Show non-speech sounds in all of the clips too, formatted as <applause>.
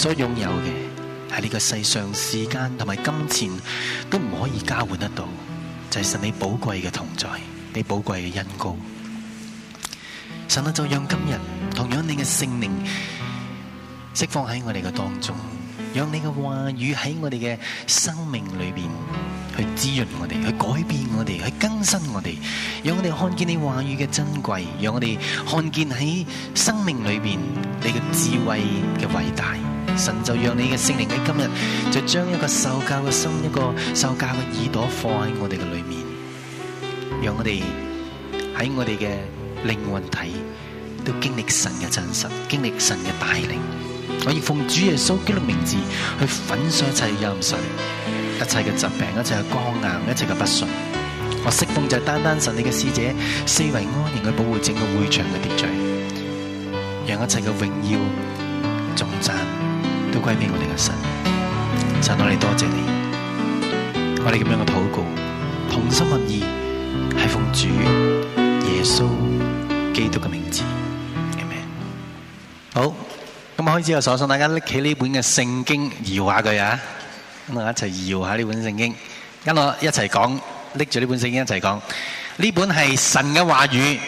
所擁有嘅係呢個世上、時間同埋金錢都唔可以交換得到，就係神你寶貴嘅同在，你寶貴嘅恩膏。神啊，就讓今日同樣你嘅聖靈釋放喺我哋嘅當中，讓你嘅話語喺我哋嘅生命裏邊去滋潤我哋，去改變我哋，去更新我哋，讓我哋看見你的話語嘅珍貴，讓我哋看見喺生命裏邊你嘅智慧嘅偉大。神就讓你嘅聖靈喺今日，就將一個受教嘅心、一個受教嘅耳朵放喺我哋嘅裏面，讓我哋喺我哋嘅靈魂體都經歷神嘅真實，經歷神嘅大能。我亦奉主耶穌基督嘅名字去粉碎一切嘅陰祟，一切嘅疾病，一切嘅光硬，一切嘅不信。我釋放就係單單神你嘅使者，四圍安然去保護整個會場嘅秩序，讓一切嘅榮耀，都歸俾我哋嘅神。神我哋，你多謝你，我哋咁樣嘅禱告，同心合意係奉主耶穌基督嘅名字，Amen。好，咁開始嘅時候，想大家拎起呢本嘅聖經搖下佢啊，咁我一齊搖下呢本聖經，跟我一齊講，拎住呢本聖經一齊講，呢本係神嘅話語，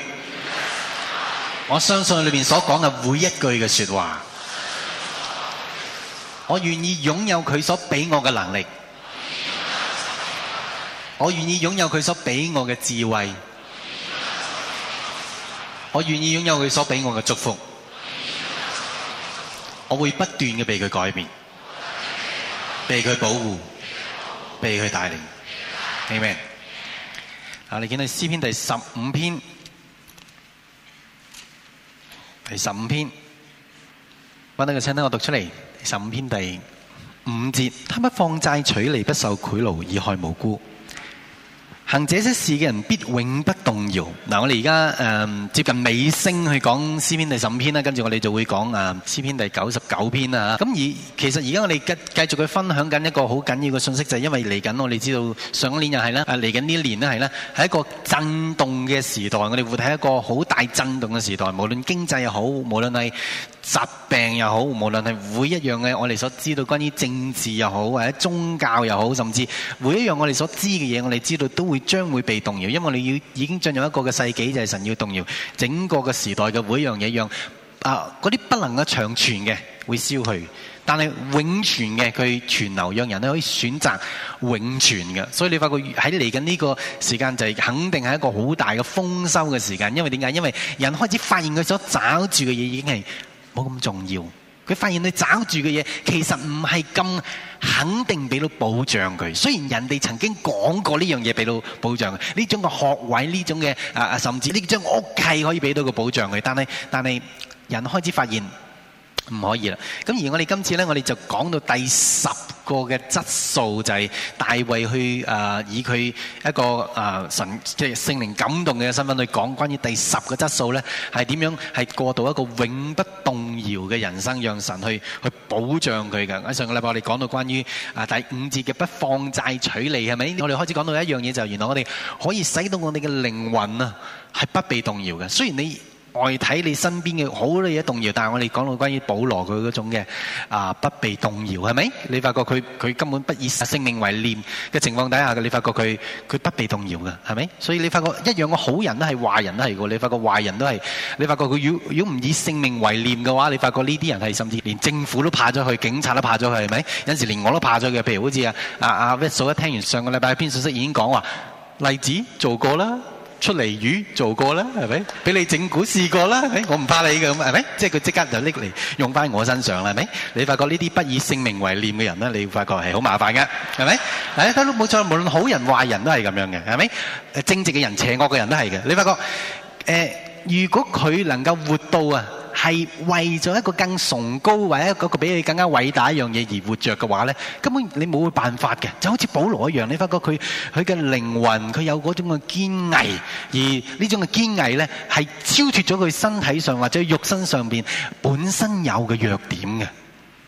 我相信裏面所講嘅每一句嘅說話。我願意擁有佢所俾我嘅能力，我願意擁有佢所俾我嘅智慧，我願意擁有佢所俾我嘅祝福的。我會不斷嘅被佢改變，被佢保護，被佢帶領，明未？啊，你見 Amen. 到詩篇第十五篇，第十五篇，揾到個簽啦，我讀出嚟。十五篇第五節，他不放債取利，不受賄賂，以害無辜。行這些事嘅人，必永不動搖。嗱，我哋而家誒接近尾聲去講詩篇第十五篇啦，跟住我哋就會講啊詩篇第九十九篇啦。咁而其實而家我哋繼繼續去分享緊一個好緊要嘅信息，就係因為嚟緊我哋知道上一年又係啦，啊嚟緊呢一年咧係啦，係一個震動嘅時代，我哋活喺一個好大震動嘅時代，無論經濟又好，無論係。疾病又好，無論係每一樣嘅我哋所知道，關於政治又好，或者宗教又好，甚至每一樣我哋所知嘅嘢，我哋知道都會將會被動搖，因為你要已經進入一個嘅世紀，就係神要動搖整個嘅時代嘅每一樣嘢，讓啊嗰啲不能夠長存嘅會消去，但係永存嘅佢存留，讓人可以選擇永存嘅。所以你發覺喺嚟緊呢個時間就係肯定係一個好大嘅豐收嘅時間，因為點解？因為人開始發現佢所找住嘅嘢已經係。冇咁重要，佢發現你抓住嘅嘢其實唔係咁肯定俾到保障佢。雖然人哋曾經講過呢樣嘢俾到保障嘅，呢種嘅學位、呢種嘅、啊、甚至呢張屋契可以俾到個保障佢，但係但係人開始發現。唔可以啦。咁而我哋今次呢，我哋就講到第十個嘅質素，就係大衛去誒以佢一個誒神即係聖靈感動嘅身份去講關於第十個質素呢，係點樣係過渡一個永不動搖嘅人生，讓神去去保障佢嘅。喺上個禮拜我哋講到關於誒第五節嘅不放債取利係咪？我哋開始講到一樣嘢，就原來我哋可以使到我哋嘅靈魂啊係不被動搖嘅。雖然你。外睇你身邊嘅好多嘢動搖，但係我哋講到關於保羅佢嗰種嘅啊不被動搖，係咪？你發覺佢佢根本不以性命為念嘅情況底下，你發覺佢佢不被動搖嘅，係咪？所以你發覺一樣嘅好人都係壞人都係喎。你發覺壞人都係，你發覺佢如果如果唔以性命為念嘅話，你發覺呢啲人係，甚至連政府都怕咗佢，警察都怕咗佢，係咪？有陣時連我都怕咗佢。譬如好似啊啊啊 Vico 一聽完上個禮拜一篇信息已經講話例子做過啦。出嚟魚做過啦，係咪？俾你整蠱試過啦，誒，我唔怕你嘅，咁係咪？即係佢即刻就拎嚟用翻我身上啦，係咪？你發覺呢啲不以性命為念嘅人咧，你發覺係好麻煩㗎，係咪？誒得啦，冇錯，無論好人壞人都係咁樣嘅，係咪？誒正直嘅人、邪惡嘅人都係嘅，你發覺誒。如果佢能夠活到啊，係為咗一個更崇高，或者一個比你更加偉大一樣嘢而活着嘅話咧，根本你冇辦法嘅，就好似保羅一樣，你發覺佢佢嘅靈魂，佢有嗰種嘅堅毅，而呢種嘅堅毅咧係超脱咗佢身體上或者肉身上邊本身有嘅弱點嘅。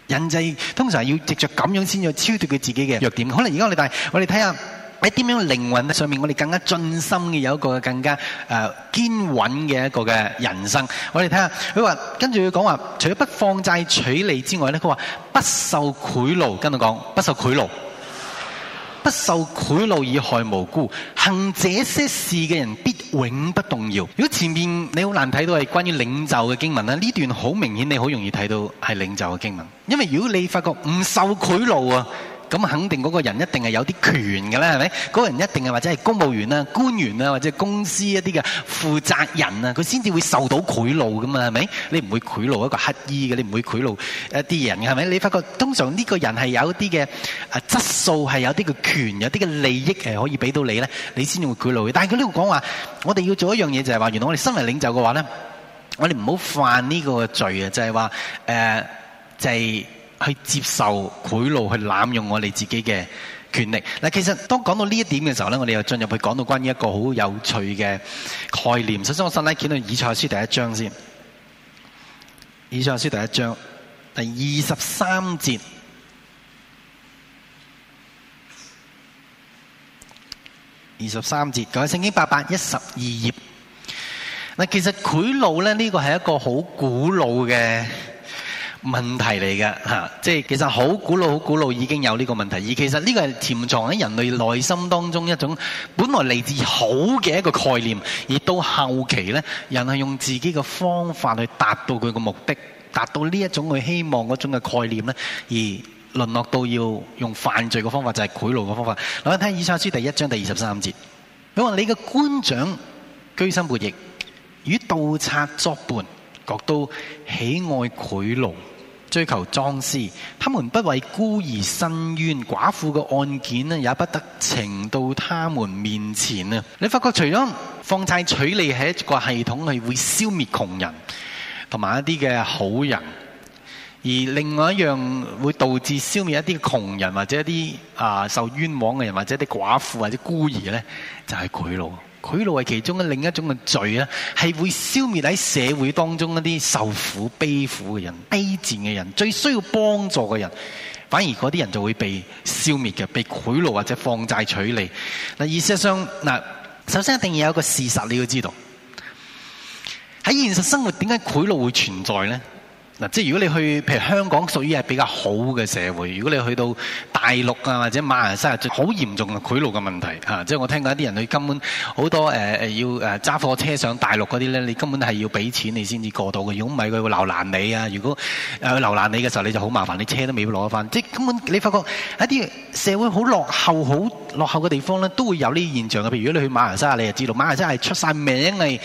人就係通常係要藉着咁樣先至超脱佢自己嘅弱點。可能而家我哋但係我哋睇下。喺點樣靈魂上面，我哋更加盡心嘅，有一個更加誒堅穩嘅一個嘅人生。我哋睇下佢話，跟住佢講話，除咗不放債取利之外呢，佢話不受賄賂。跟住講不受賄賂，不受賄賂以害無辜，行這些事嘅人必永不動搖。如果前面你好難睇到係關於領袖嘅經文咧，呢段好明顯你好容易睇到係領袖嘅經文，因為如果你發覺唔受賄賂啊。咁肯定嗰個人一定係有啲權嘅啦，係咪？嗰個人一定係或者係公務員啊、官員啊，或者公司一啲嘅負責人啊，佢先至會受到賄賂嘅嘛，係咪？你唔會賄賂一個乞衣嘅，你唔會賄賂一啲人嘅，係咪？你發覺通常呢個人係有啲嘅啊質素係有啲嘅權，有啲嘅利益係可以俾到你咧，你先至會賄賂嘅。但係佢呢度講話，我哋要做一樣嘢就係話，原來我哋身為領袖嘅話咧，我哋唔好犯呢個罪啊，就係話誒，就係。去接受賄賂，去濫用我哋自己嘅權力。嗱，其實當講到呢一點嘅時候呢，我哋又進入去講到關於一個好有趣嘅概念。首先，我首先咧見到以賽書第一章先，以賽書第一章第二十三節，二十三節，各位聖經八百一十二頁。嗱，其實賄賂呢，呢個係一個好古老嘅。問題嚟嘅吓，即係其實好古老、好古老已經有呢個問題。而其實呢個係潛藏喺人類內心當中一種本來嚟自好嘅一個概念，而到後期呢，人係用自己嘅方法去達到佢嘅目的，達到呢一種佢希望嗰種嘅概念呢，而淪落到要用犯罪嘅方法，就係賄賂嘅方法。我一睇《以賽書》第一章第二十三節。佢話你嘅官長居心悖逆，與盜賊作伴，各都喜愛賄賂。追求贓私，他們不為孤兒申冤、寡婦嘅案件呢，也不得呈到他們面前呢。你發覺除咗放債取利係一個系統，係會消滅窮人同埋一啲嘅好人，而另外一樣會導致消滅一啲窮人或者一啲啊受冤枉嘅人，或者啲寡婦或，或者孤兒呢，就係佢咯。賄賂係其中嘅另一種嘅罪啦，係會消滅喺社會當中一啲受苦悲苦嘅人、低賤嘅人、最需要幫助嘅人，反而嗰啲人就會被消滅嘅，被賄賂或者放債取利。嗱，意思上嗱，首先一定要有一個事實你要知道，喺現實生活點解賄賂會存在呢？嗱，即係如果你去，譬如香港屬於係比較好嘅社會，如果你去到大陸啊，或者馬來西亞就好嚴重嘅賄賂嘅問題嚇、啊。即係我聽過一啲人去根本好多誒誒、呃、要誒揸貨車上大陸啲咧，你根本係要俾錢你先至過到嘅。如果唔係佢會留難你啊！如果誒誒、呃、留難你嘅時候，你就好麻煩，你車都未必攞得翻。即係根本你發覺在一啲社會好落後好落後嘅地方咧，都會有呢現象嘅。譬如如果你去馬來西亞，你就知道馬來西亞係出晒名你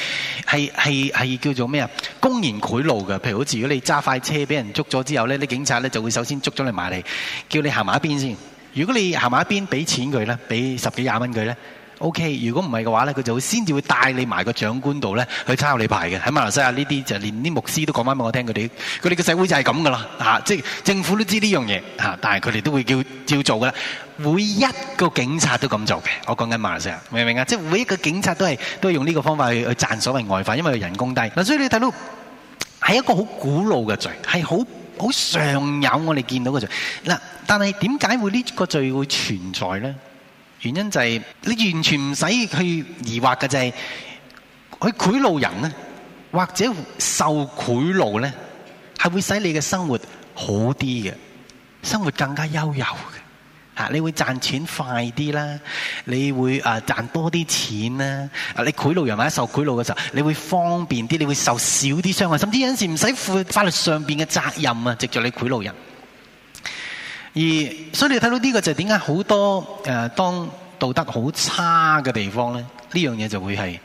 係係係叫做咩啊？公然賄賂嘅。譬如好似如果你揸揸快車俾人捉咗之後呢，啲警察呢就會首先捉咗你埋嚟，叫你行埋一邊先。如果你行埋一邊，俾錢佢呢，俾十幾廿蚊佢呢，OK。如果唔係嘅話呢，佢就會先至會帶你埋個長官度呢，去抄你牌嘅。喺馬來西亞呢啲，就連啲牧師都講翻俾我聽，佢哋佢哋嘅社會就係咁噶啦嚇。即係政府都知呢樣嘢嚇，但係佢哋都會叫照做啦。每一個警察都咁做嘅，我講緊馬來西亞，明唔明啊？即係每一個警察都係都係用呢個方法去去賺所謂外快，因為佢人工低。嗱，所以你睇到。係一個好古老嘅罪，係好好常有我哋見到嘅罪。嗱，但係點解會呢個罪會存在呢？原因就係你完全唔使去疑惑嘅就係、是，去賄賂人呢，或者受賄賂呢，係會使你嘅生活好啲嘅，生活更加優柔嘅。啊！你會賺錢快啲啦，你會啊賺多啲錢啦。啊！你賄賂人或者受賄賂嘅時候，你會方便啲，你會受少啲傷害，甚至有陣時唔使負法律上邊嘅責任啊！藉著你賄賂人，而所以你睇到呢個就係點解好多誒、呃，當道德好差嘅地方咧，呢樣嘢就會係。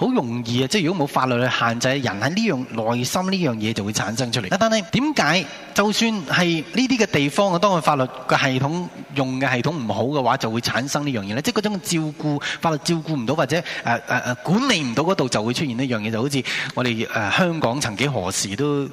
好容易啊！即係如果冇法律去限制，人喺呢樣內心呢樣嘢就會產生出嚟。但係點解就算係呢啲嘅地方當佢法律個系統用嘅系統唔好嘅話，就會產生呢樣嘢咧？即係嗰種照顧法律照顧唔到，或者、啊啊啊、管理唔到嗰度，就會出現呢樣嘢，就好似我哋、啊、香港曾幾何時都。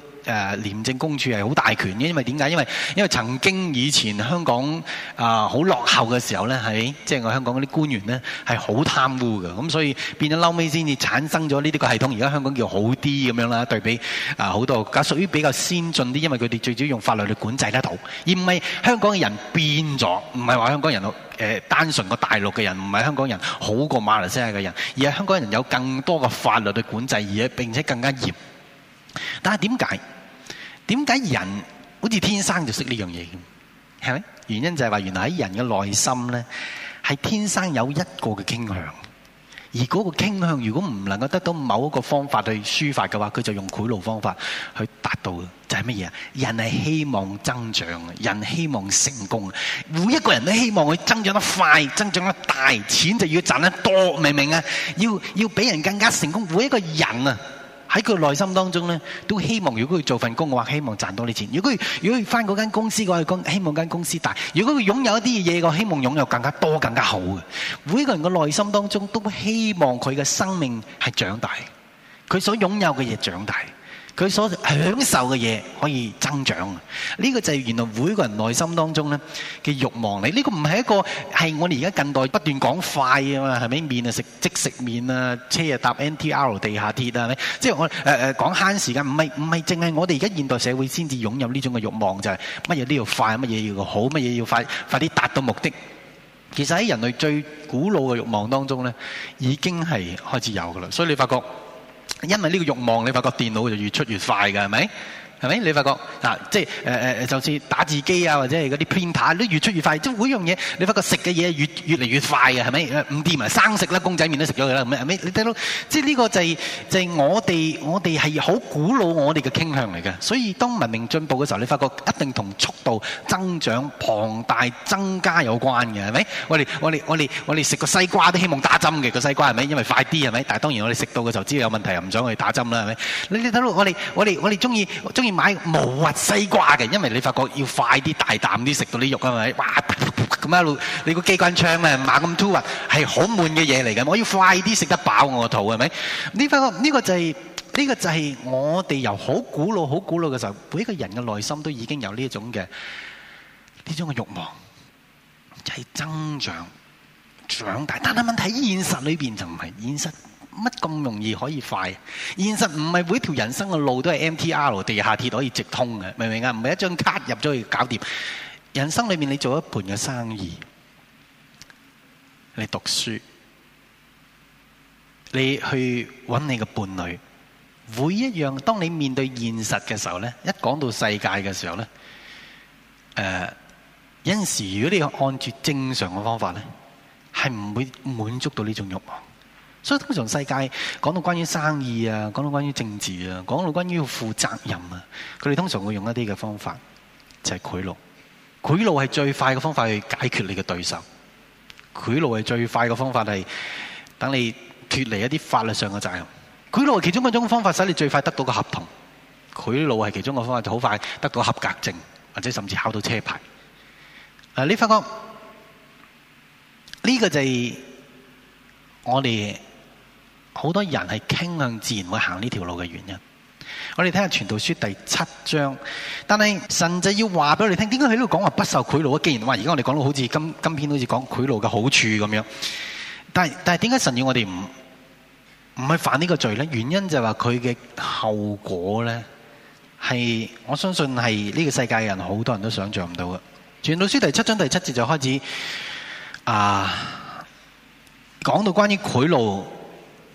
廉政公署係好大權嘅，因為點解？因為因為曾經以前香港啊好、呃、落後嘅時候呢喺即係我香港嗰啲官員呢係好貪污嘅，咁所以變咗後尾先至產生咗呢啲個系統。而家香港叫好啲咁樣啦，對比啊好、呃、多，梗係屬於比較先進啲，因為佢哋最主要用法律去管制得到，而唔係香港嘅人變咗。唔係話香港人誒單純個大陸嘅人，唔係香港人好過馬來西亞嘅人，而係香港人有更多嘅法律去管制，而且並且更加嚴。但係點解？點解人好似天生就識呢樣嘢？係咪？原因就係話，原來喺人嘅內心呢係天生有一個嘅傾向。而嗰個傾向，如果唔能夠得到某一個方法去抒發嘅話，佢就用賄賂方法去達到。就係乜嘢啊？人係希望增長，人希望成功。每一個人都希望佢增長得快，增長得大，錢就要賺得多。明唔明啊？要要俾人更加成功。每一個人啊！喺佢內心當中咧，都希望如果佢做份工嘅話，希望賺多啲錢；如果如果返嗰間公司嘅話，希望間公司大；如果佢擁有一啲嘢嘅話，希望擁有更加多、更加好嘅。每個人嘅內心當中都希望佢嘅生命係長大，佢所擁有嘅嘢長大。佢所享受嘅嘢可以增長啊！呢個就係原來每個人內心當中呢嘅慾望嚟。呢個唔係一個係我哋而家近代不斷講快啊嘛，係咪麵啊食即食麵啊，車啊搭 NTR 地下鐵啊，係咪，即係我誒誒講慳時間。唔係唔係，淨係我哋而家現代社會先至擁有呢種嘅慾望，就係乜嘢都要快，乜嘢要好，乜嘢要快，快啲達到目的。其實喺人類最古老嘅慾望當中呢，已經係開始有噶啦。所以你發覺。因為呢個欲望，你發覺電腦就越出越快嘅，係咪？係咪？你發覺嗱、啊，即係誒誒，就似打字機啊，或者係嗰啲 printer，都越出越快。即係每一樣嘢，你發覺食嘅嘢越越嚟越快嘅，係咪？唔掂咪生食啦，公仔麵都食咗佢啦，係咪？你睇到，即係呢個就係就係我哋我哋係好古老我哋嘅傾向嚟嘅。所以當文明進步嘅時候，你發覺一定同速度增長、龐大增加有關嘅，係咪？我哋我哋我哋我哋食個西瓜都希望打針嘅，個西瓜係咪？因為快啲係咪？但係當然我哋食到嘅時候知道有問題，又唔想去打針啦，係咪？你，你睇到我哋我哋我哋中意買無核西瓜嘅，因為你發覺要快啲，大啖啲食到啲肉啊，咪？嘩咁一路，你個機關槍啊，猛咁吐啊，係好悶嘅嘢嚟嘅。我要快啲食得飽我個肚係咪？你發覺呢個就係呢個就係我哋由好古老好古老嘅時候，每一個人嘅內心都已經有呢種嘅呢種嘅慾望，就係增長長大。但係問題現實裏邊就唔係現實。乜咁容易可以快？現實唔係每條人生嘅路都係 MTR 地下鐵都可以直通嘅，明唔明啊？唔係一張卡入咗去搞掂。人生裏面你做一盤嘅生意，你讀書，你去揾你嘅伴侶，每一樣，當你面對現實嘅時候呢，一講到世界嘅時候呢，誒，有陣時如果你按住正常嘅方法呢，係唔會滿足到呢種慾望。所以通常世界講到關於生意啊，講到關於政治啊，講到關於要負責任啊，佢哋通常會用一啲嘅方法，就係賄賂。賄賂係最快嘅方法去解決你嘅對手。賄賂係最快嘅方法係等你脫離一啲法律上嘅責任。賄賂係其中一種方法，使你最快得到個合同。賄賂係其中一個方法，就好快得到合格證，或者甚至考到車牌。啊，你發覺呢個就係我哋。好多人係傾向自然會行呢條路嘅原因，我哋聽下傳道書第七章。但係神就要話俾我哋聽，點解喺呢度講話不受賄賂啊？既然話，而家我哋講到好似今今篇好似講賄賂嘅好處咁樣，但係但係點解神要我哋唔唔去犯呢個罪咧？原因就係話佢嘅後果咧，係我相信係呢個世界嘅人好多人都想象唔到嘅。傳道書第七章第七節就開始啊，講到關於賄賂。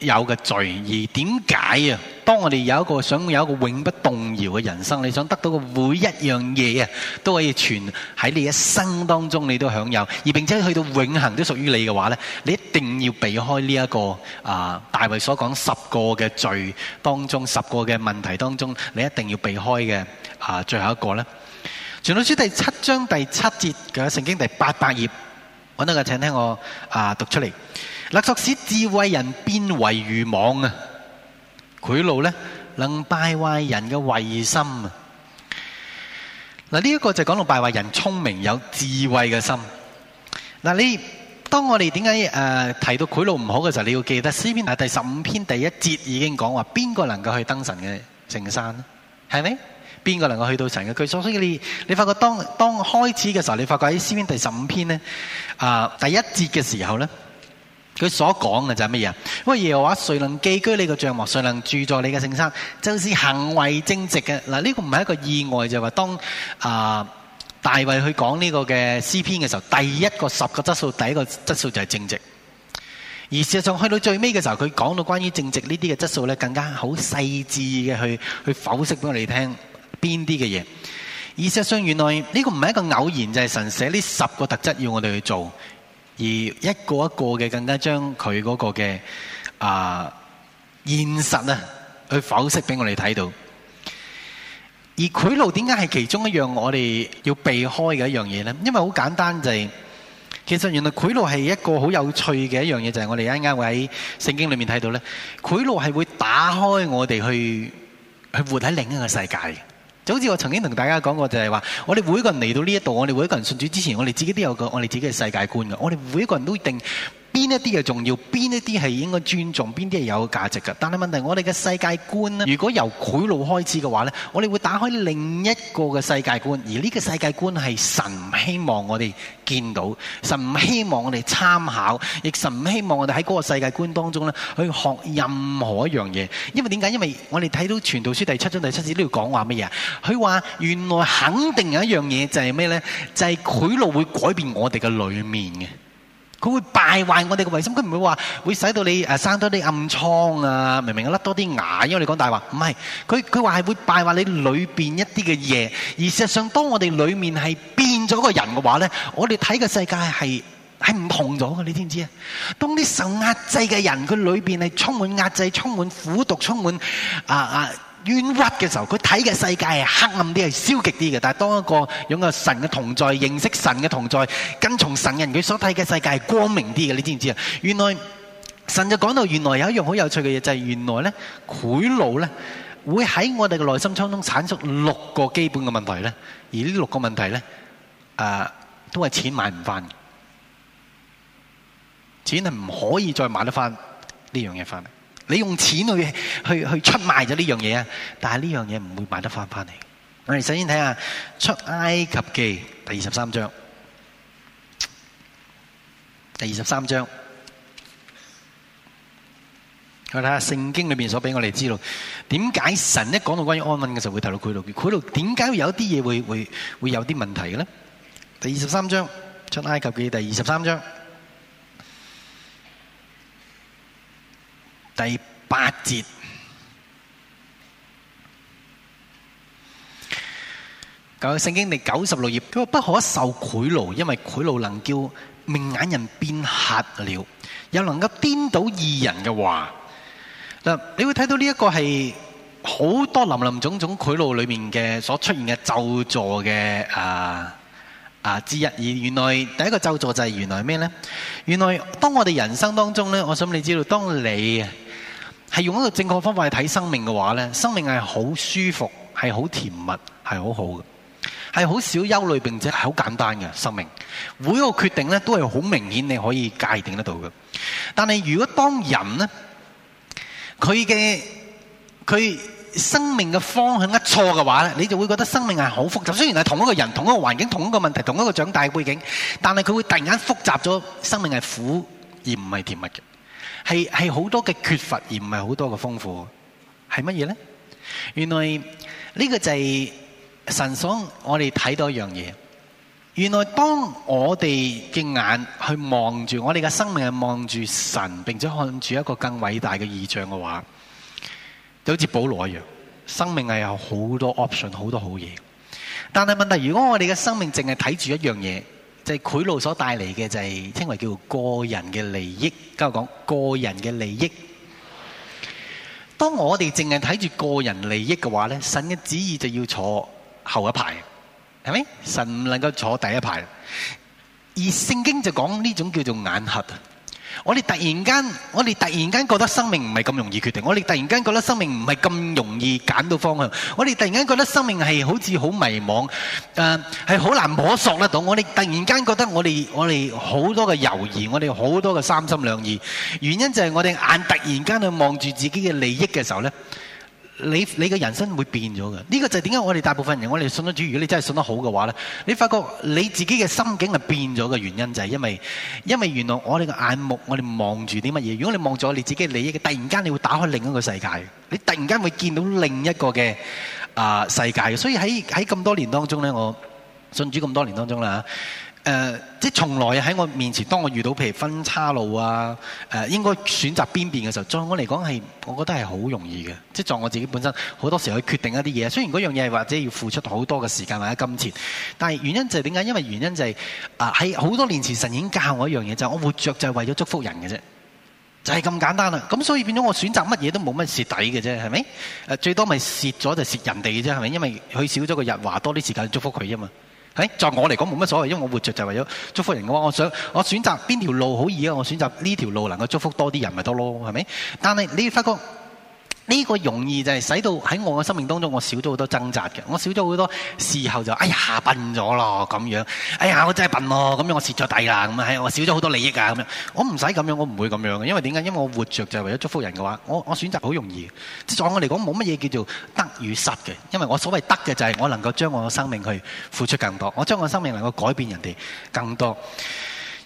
有嘅罪，而點解啊？當我哋有一個想有一個永不動搖嘅人生，你想得到嘅每一樣嘢啊，都可以存喺你一生當中，你都享有，而並且去到永恆都屬於你嘅話呢，你一定要避開呢、這、一個啊，大衛所講十個嘅罪當中，十個嘅問題當中，你一定要避開嘅啊，最後一個呢，傳道書第七章第七節嘅聖經第八百頁，搵到嘅請聽我啊讀出嚟。勒索使智慧人變為愚妄啊！賄賂咧，能敗壞人嘅慧心啊！嗱、啊，呢、這、一個就講到敗壞人聰明有智慧嘅心。嗱、啊，你當我哋點解誒提到賄賂唔好嘅時候，你要記得詩篇第十五篇第一節已經講話，邊個能夠去登神嘅聖山呢？係咪？邊個能夠去到神嘅居所？所以你你發覺當當開始嘅時候，你發覺喺詩篇第十五篇呢，啊、呃、第一節嘅時候咧。佢所講嘅就係乜嘢？因為耶和華誰能寄居你嘅帳幕，誰能住在你嘅聖山，就是行為正直嘅。嗱，呢個唔係一個意外就係、是、話，當、呃、啊大衛去講呢個嘅詩篇嘅時候，第一個十個質素，第一個質素就係正直。而事實上，去到最尾嘅時候，佢講到關於正直呢啲嘅質素咧，更加好細緻嘅去去剖析俾我哋聽邊啲嘅嘢。而事實上，原來呢、這個唔係一個偶然，就係、是、神寫呢十個特質要我哋去做。而一個一個嘅更加將佢嗰個嘅啊現實啊去剖析俾我哋睇到。而賄賂點解係其中一樣我哋要避開嘅一樣嘢呢？因為好簡單就係，其實原來賄賂係一個好有趣嘅一樣嘢，就係我哋啱啱會喺聖經裏面睇到呢。賄賂係會打開我哋去去活喺另一個世界嘅。就好似我曾經同大家講過，就係話，我哋每個人嚟到呢一度，我哋每個人信主之前，我哋自己都有個我哋自己嘅世界觀嘅，我哋每一個人都一定。邊一啲係重要，邊一啲係應該尊重，邊啲係有價值嘅。但係問題是，我哋嘅世界觀咧，如果由賄賂開始嘅話呢，我哋會打開另一個嘅世界觀，而呢個世界觀係神唔希望我哋見到，神唔希望我哋參考，亦神唔希望我哋喺嗰個世界觀當中呢去學任何一樣嘢。因為點解？因為我哋睇到《傳道書》第七章第七節都要講話乜嘢？佢話原來肯定有一樣嘢，就係咩呢？就係賄賂會改變我哋嘅裏面嘅。佢會敗壞我哋嘅衞生，佢唔會話會使到你生多啲暗瘡啊，明唔明？甩多啲牙，因為你講大話，唔係佢佢話係會敗壞你裏面一啲嘅嘢，而事實上當我哋裏面係變咗個人嘅話咧，我哋睇嘅世界係係唔同咗嘅，你知唔知啊？當啲受壓制嘅人，佢裏面係充滿壓制、充滿苦毒、充滿啊啊！呃呃冤屈嘅時候，佢睇嘅世界係黑暗啲，係消極啲嘅。但係當一個擁有神嘅同在、認識神嘅同在、跟從神人，佢所睇嘅世界係光明啲嘅。你知唔知啊？原來神就講到，原來有一樣好有趣嘅嘢，就係、是、原來咧賄賂咧會喺我哋嘅內心當中產出六個基本嘅問題咧。而呢六個問題咧，誒、呃、都係錢買唔翻嘅，錢係唔可以再買得翻呢樣嘢翻嚟。你用錢去去去出賣咗呢樣嘢啊！但係呢樣嘢唔會買得返返嚟。我哋首先睇下出埃及記第二十三章。第二十三章，我睇下聖經裏面所俾我哋知道，點解神一講到關於安穩嘅時候，會提到賄賂？賄賂點解有啲嘢會會會有啲問題嘅咧？第二十三章，出埃及記第二十三章。第八節，咁聖經第九十六頁佢，話不可受賄賂，因為賄賂能叫明眼人變瞎了，又能夠顛倒義人嘅話。嗱，你會睇到呢一個係好多林林種種賄賂裏面嘅所出現嘅咒詛嘅啊啊之一。而原來第一個咒詛就係原來咩呢？原來當我哋人生當中呢，我想你知道當你係用一個正確方法去睇生命嘅話呢，生命係好舒服，係好甜蜜，係好好嘅，係好少憂慮，並且係好簡單嘅生命。每一個決定呢，都係好明顯你可以界定得到嘅。但係如果當人呢，佢嘅佢生命嘅方向一錯嘅話呢，你就會覺得生命係好複雜。雖然係同一個人、同一個環境、同一個問題、同一個長大嘅背景，但係佢會突然間複雜咗，生命係苦而唔係甜蜜嘅。係係好多嘅缺乏而唔係好多嘅豐富，係乜嘢呢？原來呢個就係神想我哋睇到一樣嘢。原來當我哋嘅眼去望住我哋嘅生命，係望住神，並且看住一個更偉大嘅異象嘅話，就好似保羅一樣，生命係有好多 option，好多好嘢。但係問題是，如果我哋嘅生命淨係睇住一樣嘢。賄賂所帶嚟嘅就係、是、稱為叫做個人嘅利益，咁我講個人嘅利益。當我哋淨係睇住個人利益嘅話咧，神嘅旨意就要坐後一排，係咪？神唔能夠坐第一排，而聖經就講呢種叫做眼核。我哋突然間，我哋突然間覺得生命唔係咁容易決定；我哋突然間覺得生命唔係咁容易揀到方向；我哋突然間覺得生命係好似好迷茫，誒、呃，係好難摸索得到。我哋突然間覺得我哋我哋好多嘅猶疑，我哋好多嘅三心兩意，原因就係我哋眼突然間去望住自己嘅利益嘅時候呢。你你嘅人生會變咗嘅。呢個就係點解我哋大部分人我哋信咗主，如果你真係信得好嘅話呢，你發覺你自己嘅心境係變咗嘅，原因就係因為因為原來我哋嘅眼目我哋望住啲乜嘢。如果你望住你自己嘅利益嘅，突然間你會打開另一個世界，你突然間會見到另一個嘅啊世界，所以喺喺咁多年當中呢，我信主咁多年當中啦。誒、呃，即係從來喺我面前，當我遇到譬如分叉路啊，誒、呃、應該選擇邊邊嘅時候，在我嚟講係，我覺得係好容易嘅，即係在我自己本身好多時候去決定一啲嘢。雖然嗰樣嘢係或者要付出好多嘅時間或者金錢，但係原因就係點解？因為原因就係啊喺好多年前神已經教我一樣嘢，就係、是、我活着就係為咗祝福人嘅啫，就係、是、咁簡單啦。咁所以變咗我選擇乜嘢都冇乜蝕底嘅啫，係咪、呃？最多咪蝕咗就蝕、就是、人哋嘅啫，係咪？因為佢少咗個日，花多啲時間祝福佢啊嘛。在、哎、我嚟講冇乜所謂，因為我活着就係為咗祝福人嘅話，我想我選擇邊條路好易啊！我選擇呢條,條路能夠祝福多啲人咪得囉，係咪？但係你發覺。呢個容易就係使到喺我嘅生命當中我少了很多的，我少咗好多掙扎嘅，我少咗好多事後就哎呀笨咗咯咁樣，哎呀我真係笨咯咁樣，我蝕咗底啦咁樣係，我少咗好多利益啊咁樣，我唔使咁樣，我唔會咁樣嘅，因為點解？因為我活着就係為咗祝福人嘅話，我我選擇好容易，即係我嚟講冇乜嘢叫做得與失嘅，因為我所謂得嘅就係我能夠將我嘅生命去付出更多，我將我嘅生命能夠改變人哋更多。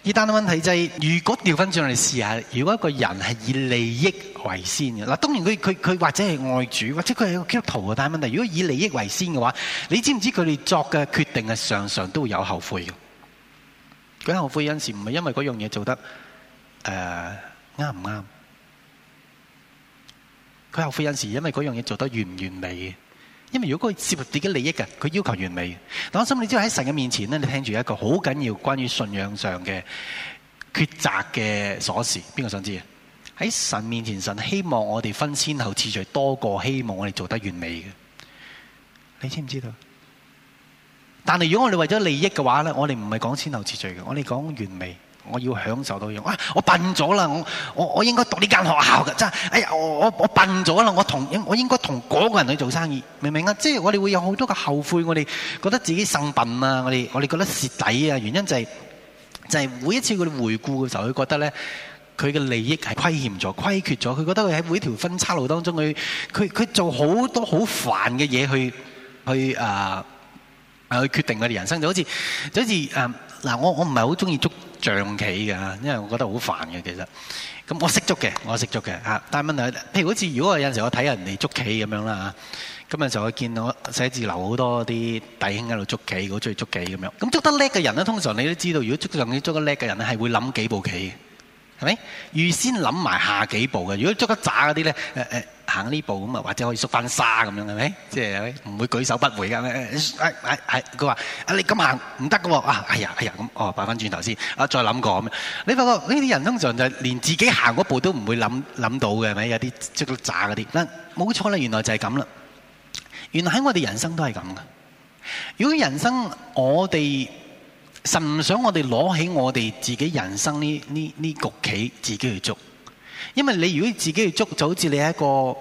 一單問題就係、是，如果調翻轉嚟試下，如果一個人係以利益為先嘅，當當然佢或者係愛主，或者佢係個基督徒嘅，但係問題如果以利益為先嘅話，你知唔知佢哋作嘅決定係常常都會有後悔嘅？佢後悔有時時唔係因為嗰樣嘢做得誒啱唔啱，佢、呃、後悔有時時因為嗰樣嘢做得完唔完美。因為如果佢涉及自己的利益嘅，佢要求完美。但我心，你知道喺神嘅面前咧，你聽住一個好緊要關於信仰上嘅抉擇嘅鎖匙。邊個想知啊？喺神面前，神希望我哋分先後次序，多過希望我哋做得完美嘅。你知唔知道？但係如果我哋為咗利益嘅話咧，我哋唔係講先後次序嘅，我哋講完美。我要享受到用啊、哎！我笨咗啦！我我我應該讀呢間學校嘅，真係哎呀！我我我笨咗啦！我同我應該同嗰個人去做生意，明唔明啊？即係我哋會有好多嘅後悔，我哋覺得自己生笨啊！我哋我哋覺得蝕底啊！原因就係就係每一次佢哋回顧嘅時候，佢覺得咧，佢嘅利益係虧欠咗、虧缺咗。佢覺得佢喺每條分叉路當中，佢佢佢做好多好煩嘅嘢去去啊、呃、去決定佢哋人生，就好似就好似誒嗱，我我唔係好中意捉，象棋㗎，因為我覺得好煩嘅其實，咁我識捉嘅，我識捉嘅，啊！但係問題，譬如好似如果我有陣時我睇人哋捉棋咁樣啦嚇，咁有陣時我見到寫字樓好多啲弟兄喺度捉棋，好中意捉棋咁樣，咁捉得叻嘅人咧，通常你都知道，如果捉象棋捉得叻嘅人咧，係會諗幾步棋嘅，係咪？預先諗埋下幾步嘅，如果捉得渣嗰啲咧，誒、呃、誒。呃行呢步咁啊，或者可以縮翻沙咁樣，係咪？即係唔會舉手不回噶咩？佢話、哎哎：你咁行唔得噶喎！啊，哎呀，哎呀，咁，哦，擺翻轉頭先，啊，再諗過咁。你發覺呢啲人通常就係連自己行嗰步都唔會諗諗到嘅，係咪？有啲捉得渣嗰啲，冇錯啦，原來就係咁啦。原來喺我哋人生都係咁噶。如果人生我哋神唔想我哋攞起我哋自己人生呢呢呢局棋，自己去捉。因為你如果自己去捉，就好似你係一個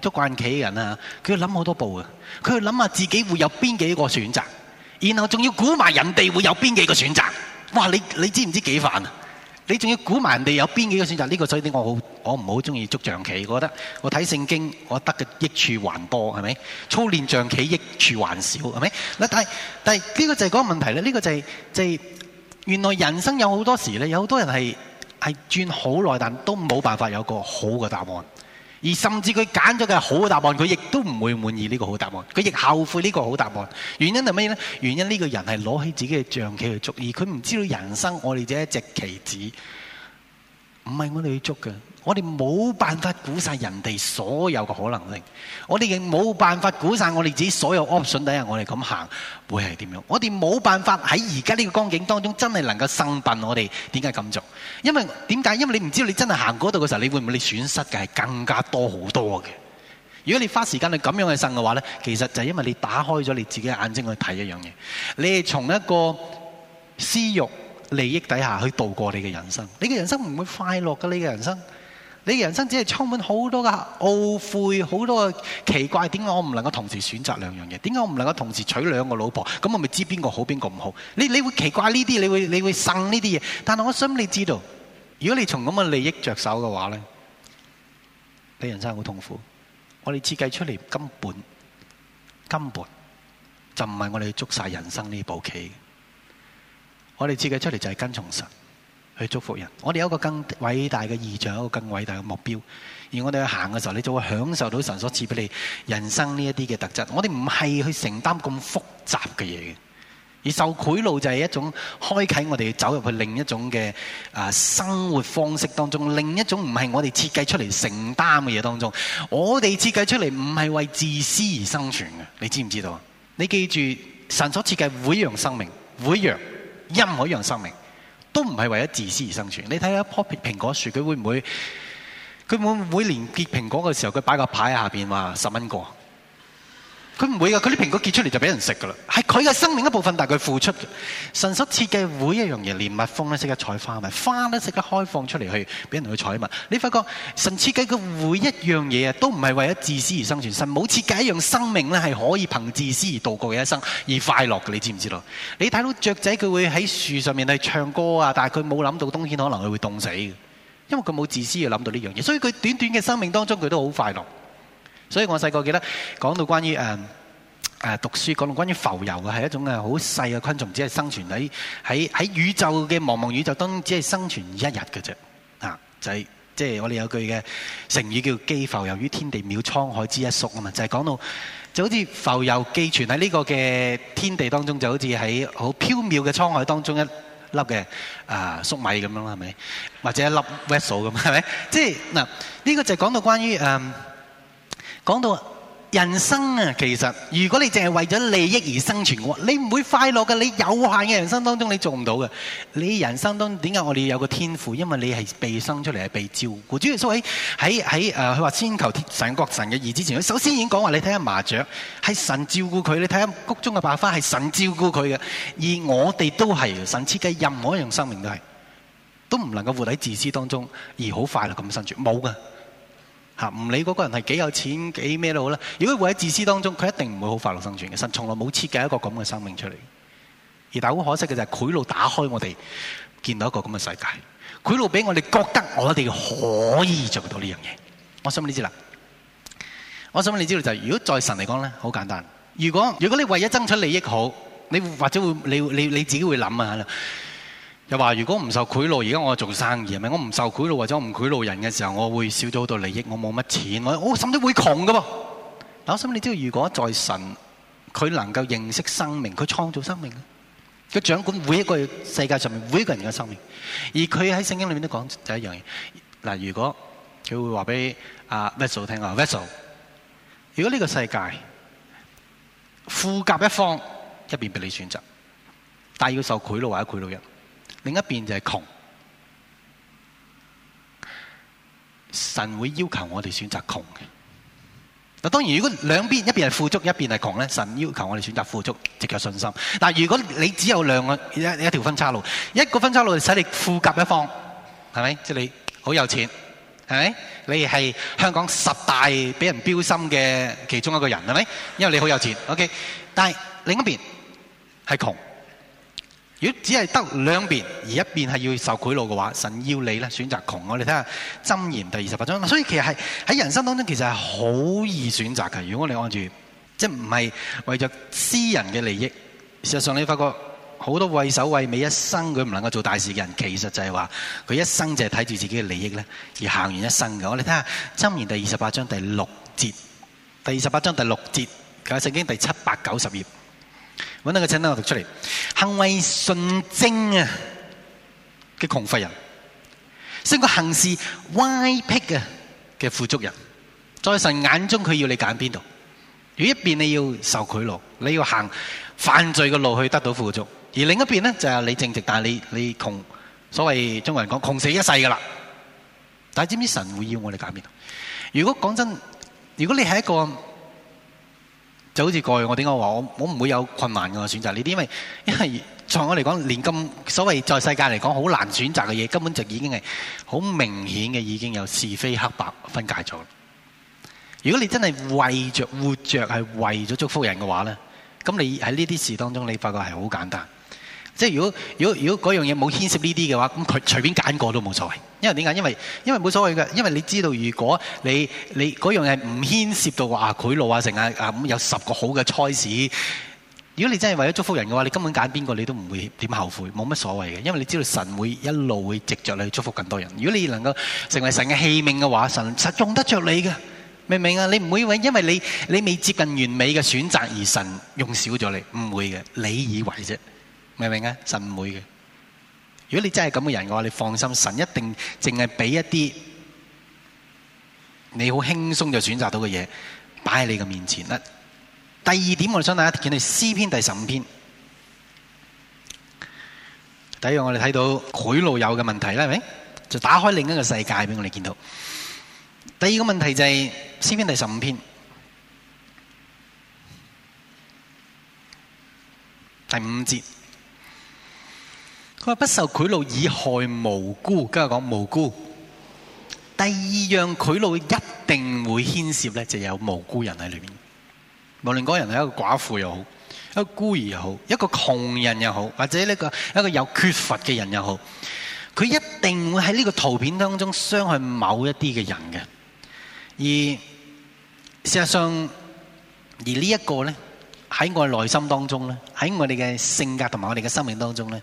捉象棋嘅人啊，佢要諗好多步啊，佢要諗下自己會有邊幾個選擇，然後仲要估埋人哋會有邊幾個選擇。哇！你你知唔知幾煩啊？你仲要估埋人哋有邊幾個選擇？呢個所以我好我唔好中意捉象棋。我覺得我睇聖經，我得嘅益處還多，係咪？操練象棋益處還少，係咪？嗱，但係但係呢個就係嗰個問題，呢個就係就係原來人生有好多時咧，有好多人係。係轉好耐，但都冇辦法有個好嘅答案，而甚至佢揀咗嘅好嘅答案，佢亦都唔會滿意呢個好答案，佢亦後悔呢個好答案。原因係咩呢？原因呢個人係攞起自己嘅象棋去捉，而佢唔知道人生我哋只係一隻棋子，唔係我哋去捉嘅。我哋冇辦法估曬人哋所有嘅可能性，我哋亦冇辦法估曬我哋自己所有 option 底下我哋咁行會係點樣？我哋冇辦法喺而家呢個光景當中真係能夠勝笨我哋點解咁做？因為點解？因為你唔知道你真係行嗰度嘅時候，你會唔會你損失嘅係更加多好多嘅？如果你花時間去咁樣去生嘅話咧，其實就係因為你打開咗你自己嘅眼睛去睇一樣嘢，你係從一個私欲利益底下去度過你嘅人生，你嘅人生唔會快樂嘅，你嘅人生。你人生只係充滿好多嘅懊悔，好多嘅奇怪，點解我唔能夠同時選擇兩樣嘢？點解我唔能夠同時娶兩個老婆？噉我咪知邊個好，邊個唔好？你你會奇怪呢啲，你會你會信呢啲嘢？但我想你知道，如果你從咁嘅利益着手嘅話，你人生好痛苦。我哋設計出嚟根本根本就唔係我哋捉晒人生呢部棋。我哋設計出嚟就係跟從神。去祝福人，我哋有一個更偉大嘅意象，有一個更偉大嘅目標。而我哋去行嘅時候，你就會享受到神所賜俾你人生呢一啲嘅特質。我哋唔係去承擔咁複雜嘅嘢嘅，而受賄賂就係一種開啟我哋走入去另一種嘅生活方式當中，另一種唔係我哋設計出嚟承擔嘅嘢當中。我哋設計出嚟唔係為自私而生存嘅，你知唔知道？啊，你記住，神所設計每一樣生命，每一樣任何一,一樣生命。都唔係為咗自私而生存，你睇下樖蘋蘋果樹，佢會唔會佢會唔會連結蘋果嘅時候，佢擺個牌下面話十蚊個。佢唔會噶，佢啲蘋果結出嚟就俾人食噶啦。係佢嘅生命一部分，但係佢付出嘅。神所設計每一樣嘢，連蜜蜂咧識得採花蜜，花咧識得開放出嚟去俾人去採蜜。你發覺神設計嘅每一樣嘢啊，都唔係為咗自私而生存。神冇設計一樣生命咧係可以憑自私而度過嘅一生而快樂嘅，你知唔知道？你睇到雀仔佢會喺樹上面去唱歌啊，但係佢冇諗到冬天可能佢會凍死，因為佢冇自私而諗到呢樣嘢。所以佢短短嘅生命當中佢都好快樂。所以我細個記得講到關於誒誒讀書，講到關於浮遊嘅係一種誒好細嘅昆蟲，只係生存喺喺喺宇宙嘅茫茫的宇宙當中，只係生存一日嘅啫。啊，就係、是、即係我哋有句嘅成語叫寄浮遊於天地渺滄海之一粟啊嘛，就係、是、講到就好似浮遊寄存喺呢個嘅天地當中，就好似喺好飄渺嘅滄海當中一粒嘅啊粟米咁樣，係咪？或者一粒 vessel 咁，係咪？即係嗱、呢、這個就係講到關於誒。呃講到人生啊，其實如果你淨係為咗利益而生存，你唔會快樂噶。你有限嘅人，人生當中，你做唔到嘅。你人生當中點解我哋要有個天賦？因為你係被生出嚟，係被照顧。主要所以喺喺誒，佢話、呃、先求神國神嘅義之前，佢首先已經講話你睇下麻雀，係神照顧佢；你睇下谷中嘅白花，係神照顧佢嘅。而我哋都係神設計，任何一樣生命都係，都唔能夠活喺自私當中，而好快樂咁生存冇噶。沒有的。吓，唔理嗰個人係幾有錢幾咩都好啦，如果佢活喺自私當中，佢一定唔會好快樂生存嘅。神從來冇設計一個咁嘅生命出嚟，而大好可惜嘅就係賄賂打開我哋，見到一個咁嘅世界，賄賂俾我哋覺得我哋可以做到呢樣嘢。我想問你知啦，我想問你知道就係、是、如果在神嚟講咧，好簡單。如果如果你為咗爭取利益好，你或者會你你你自己會諗啊。又話如果唔受賄賂，而家我做生意，係咪？我唔受賄賂或者我唔賄賂人嘅時候，我會少咗好多利益，我冇乜錢，我甚至會窮噶噃。嗱，我心你知道，如果在神，佢能夠認識生命，佢創造生命，佢掌管每一個世界上面每一個人嘅生命，而佢喺聖經裏面都講第一樣嘢。嗱，如果佢會話俾阿 Vessel 聽啊，Vessel，如果呢個世界富甲一方，一邊俾你選擇，但係要受賄賂或者賄賂人。另一邊就係窮，神會要求我哋選擇窮嘅。嗱，當然如果兩邊一邊係富足，一邊係窮咧，神要求我哋選擇富足，即係有信心。但如果你只有兩個一一條分叉路，一個分叉路使你富甲一方，係咪？即、就是、你好有錢，係咪？你係香港十大俾人標參嘅其中一個人，係咪？因為你好有錢，OK。但係另一邊係窮。如果只係得兩邊，而一邊係要受賄賂嘅話，神要你咧選擇窮。我哋睇下《箴言》第二十八章，所以其實係喺人生當中其實係好易選擇嘅。如果你按住，即係唔係為咗私人嘅利益，事實上你發覺好多畏首畏尾、一生佢唔能夠做大事嘅人，其實就係話佢一生就係睇住自己嘅利益咧而行完一生嘅。我哋睇下《箴言》第二十八章第六節，第二十八章第六節，佢喺聖經第七百九十頁。揾到個請單，我讀出嚟，行為純正啊嘅窮乏人，勝過個行事歪僻啊嘅富足人，在神眼中佢要你揀邊度？如果一邊你要受賄賂，你要行犯罪嘅路去得到富足，而另一邊咧就係你正直，但係你你窮，所謂中國人講窮死一世噶啦。但係知唔知神會要我哋揀邊度？如果講真，如果你係一個，就好似過去我點解話我，我唔會有困難嘅選擇呢啲，因為因為在我嚟講，連咁所謂在世界嚟講好難選擇嘅嘢，根本就已經係好明顯嘅已經有是非黑白分界咗。如果你真係為着活着係為咗祝福人嘅話咧，咁你喺呢啲事當中你發覺係好簡單。即係如果如果如果嗰樣嘢冇牽涉呢啲嘅話，咁佢隨便揀個都冇所謂。因為點解？因為因為冇所謂嘅，因為你知道，如果你你嗰樣嘢唔牽涉到話、啊、賄賂啊，成啊啊咁有十個好嘅賽事，如果你真係為咗祝福人嘅話，你根本揀邊個你都唔會點後悔，冇乜所謂嘅。因為你知道神會一路會藉着你去祝福更多人。如果你能夠成為神嘅器皿嘅話，神實用得着你嘅明唔明啊？你唔會因為你你未接近完美嘅選擇而神用少咗你，唔會嘅。你以為啫？明唔明啊？神唔會嘅。如果你真係咁嘅人嘅話，你放心，神一定淨係俾一啲你好輕鬆就選擇到嘅嘢，擺喺你嘅面前。第二點，我想大家睇，你詩篇第十五篇。第一個我們看，我哋睇到賄賂有嘅問題啦，係咪？就打開另一個世界俾我哋見到。第二個問題就係詩篇第十五篇第五節。佢話不受賄賂以害無辜，今日講無辜。第二樣賄賂一定會牽涉咧，就有無辜人喺裏面。無論嗰人係一個寡婦又好，一個孤兒又好，一個窮人又好，或者一個一個有缺乏嘅人又好，佢一定會喺呢個圖片當中傷害某一啲嘅人嘅。而事實上，而這個呢一個咧喺我內心當中咧，喺我哋嘅性格同埋我哋嘅生命當中咧。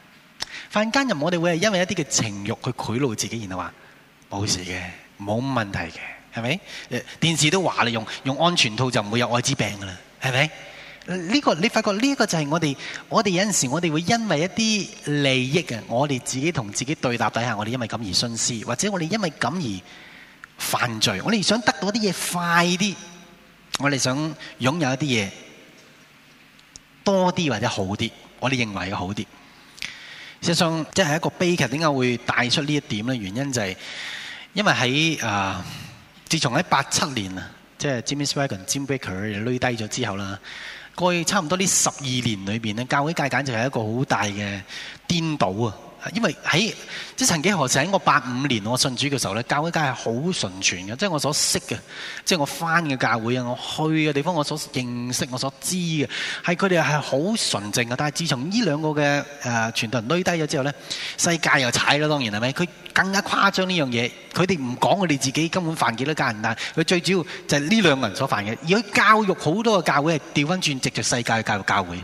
犯奸淫我哋會係因為一啲嘅情慾去賄賂自己，然後話冇事嘅，冇問題嘅，係咪？電視都話你用用安全套就唔會有艾滋病㗎啦，係咪？呢個你發覺呢個就係我哋，我哋有陣時我哋會因為一啲利益啊，我哋自己同自己對答底下，我哋因為咁而徇私，或者我哋因為咁而犯罪，我哋想得到一啲嘢快啲，我哋想擁有一啲嘢多啲或者好啲，我哋認為嘅好啲。實際上，即、就、係、是、一個悲劇。點解會帶出呢一點呢？原因就係因為喺啊、呃，自從在八七年啊，即係 Jimmy Swaggart Jim Baker 累低咗之後啦，過去差唔多呢十二年裏面，教會界簡直係一個好大嘅顛倒啊！因為喺即係曾幾何時喺我八五年我信主嘅時候咧，教會界係好純全嘅，即係我所識嘅，即係我翻嘅教會啊，我去嘅地方我所認識我所知嘅，係佢哋係好純淨嘅。但係自從呢兩個嘅誒傳道人低咗之後咧，世界又踩啦，當然係咪？佢更加誇張呢樣嘢，佢哋唔講佢哋自己根本犯幾多奸淫啊！但佢最主要就係呢兩個人所犯嘅，而佢教育好多嘅教會係調翻轉，藉著世界嘅教育教會。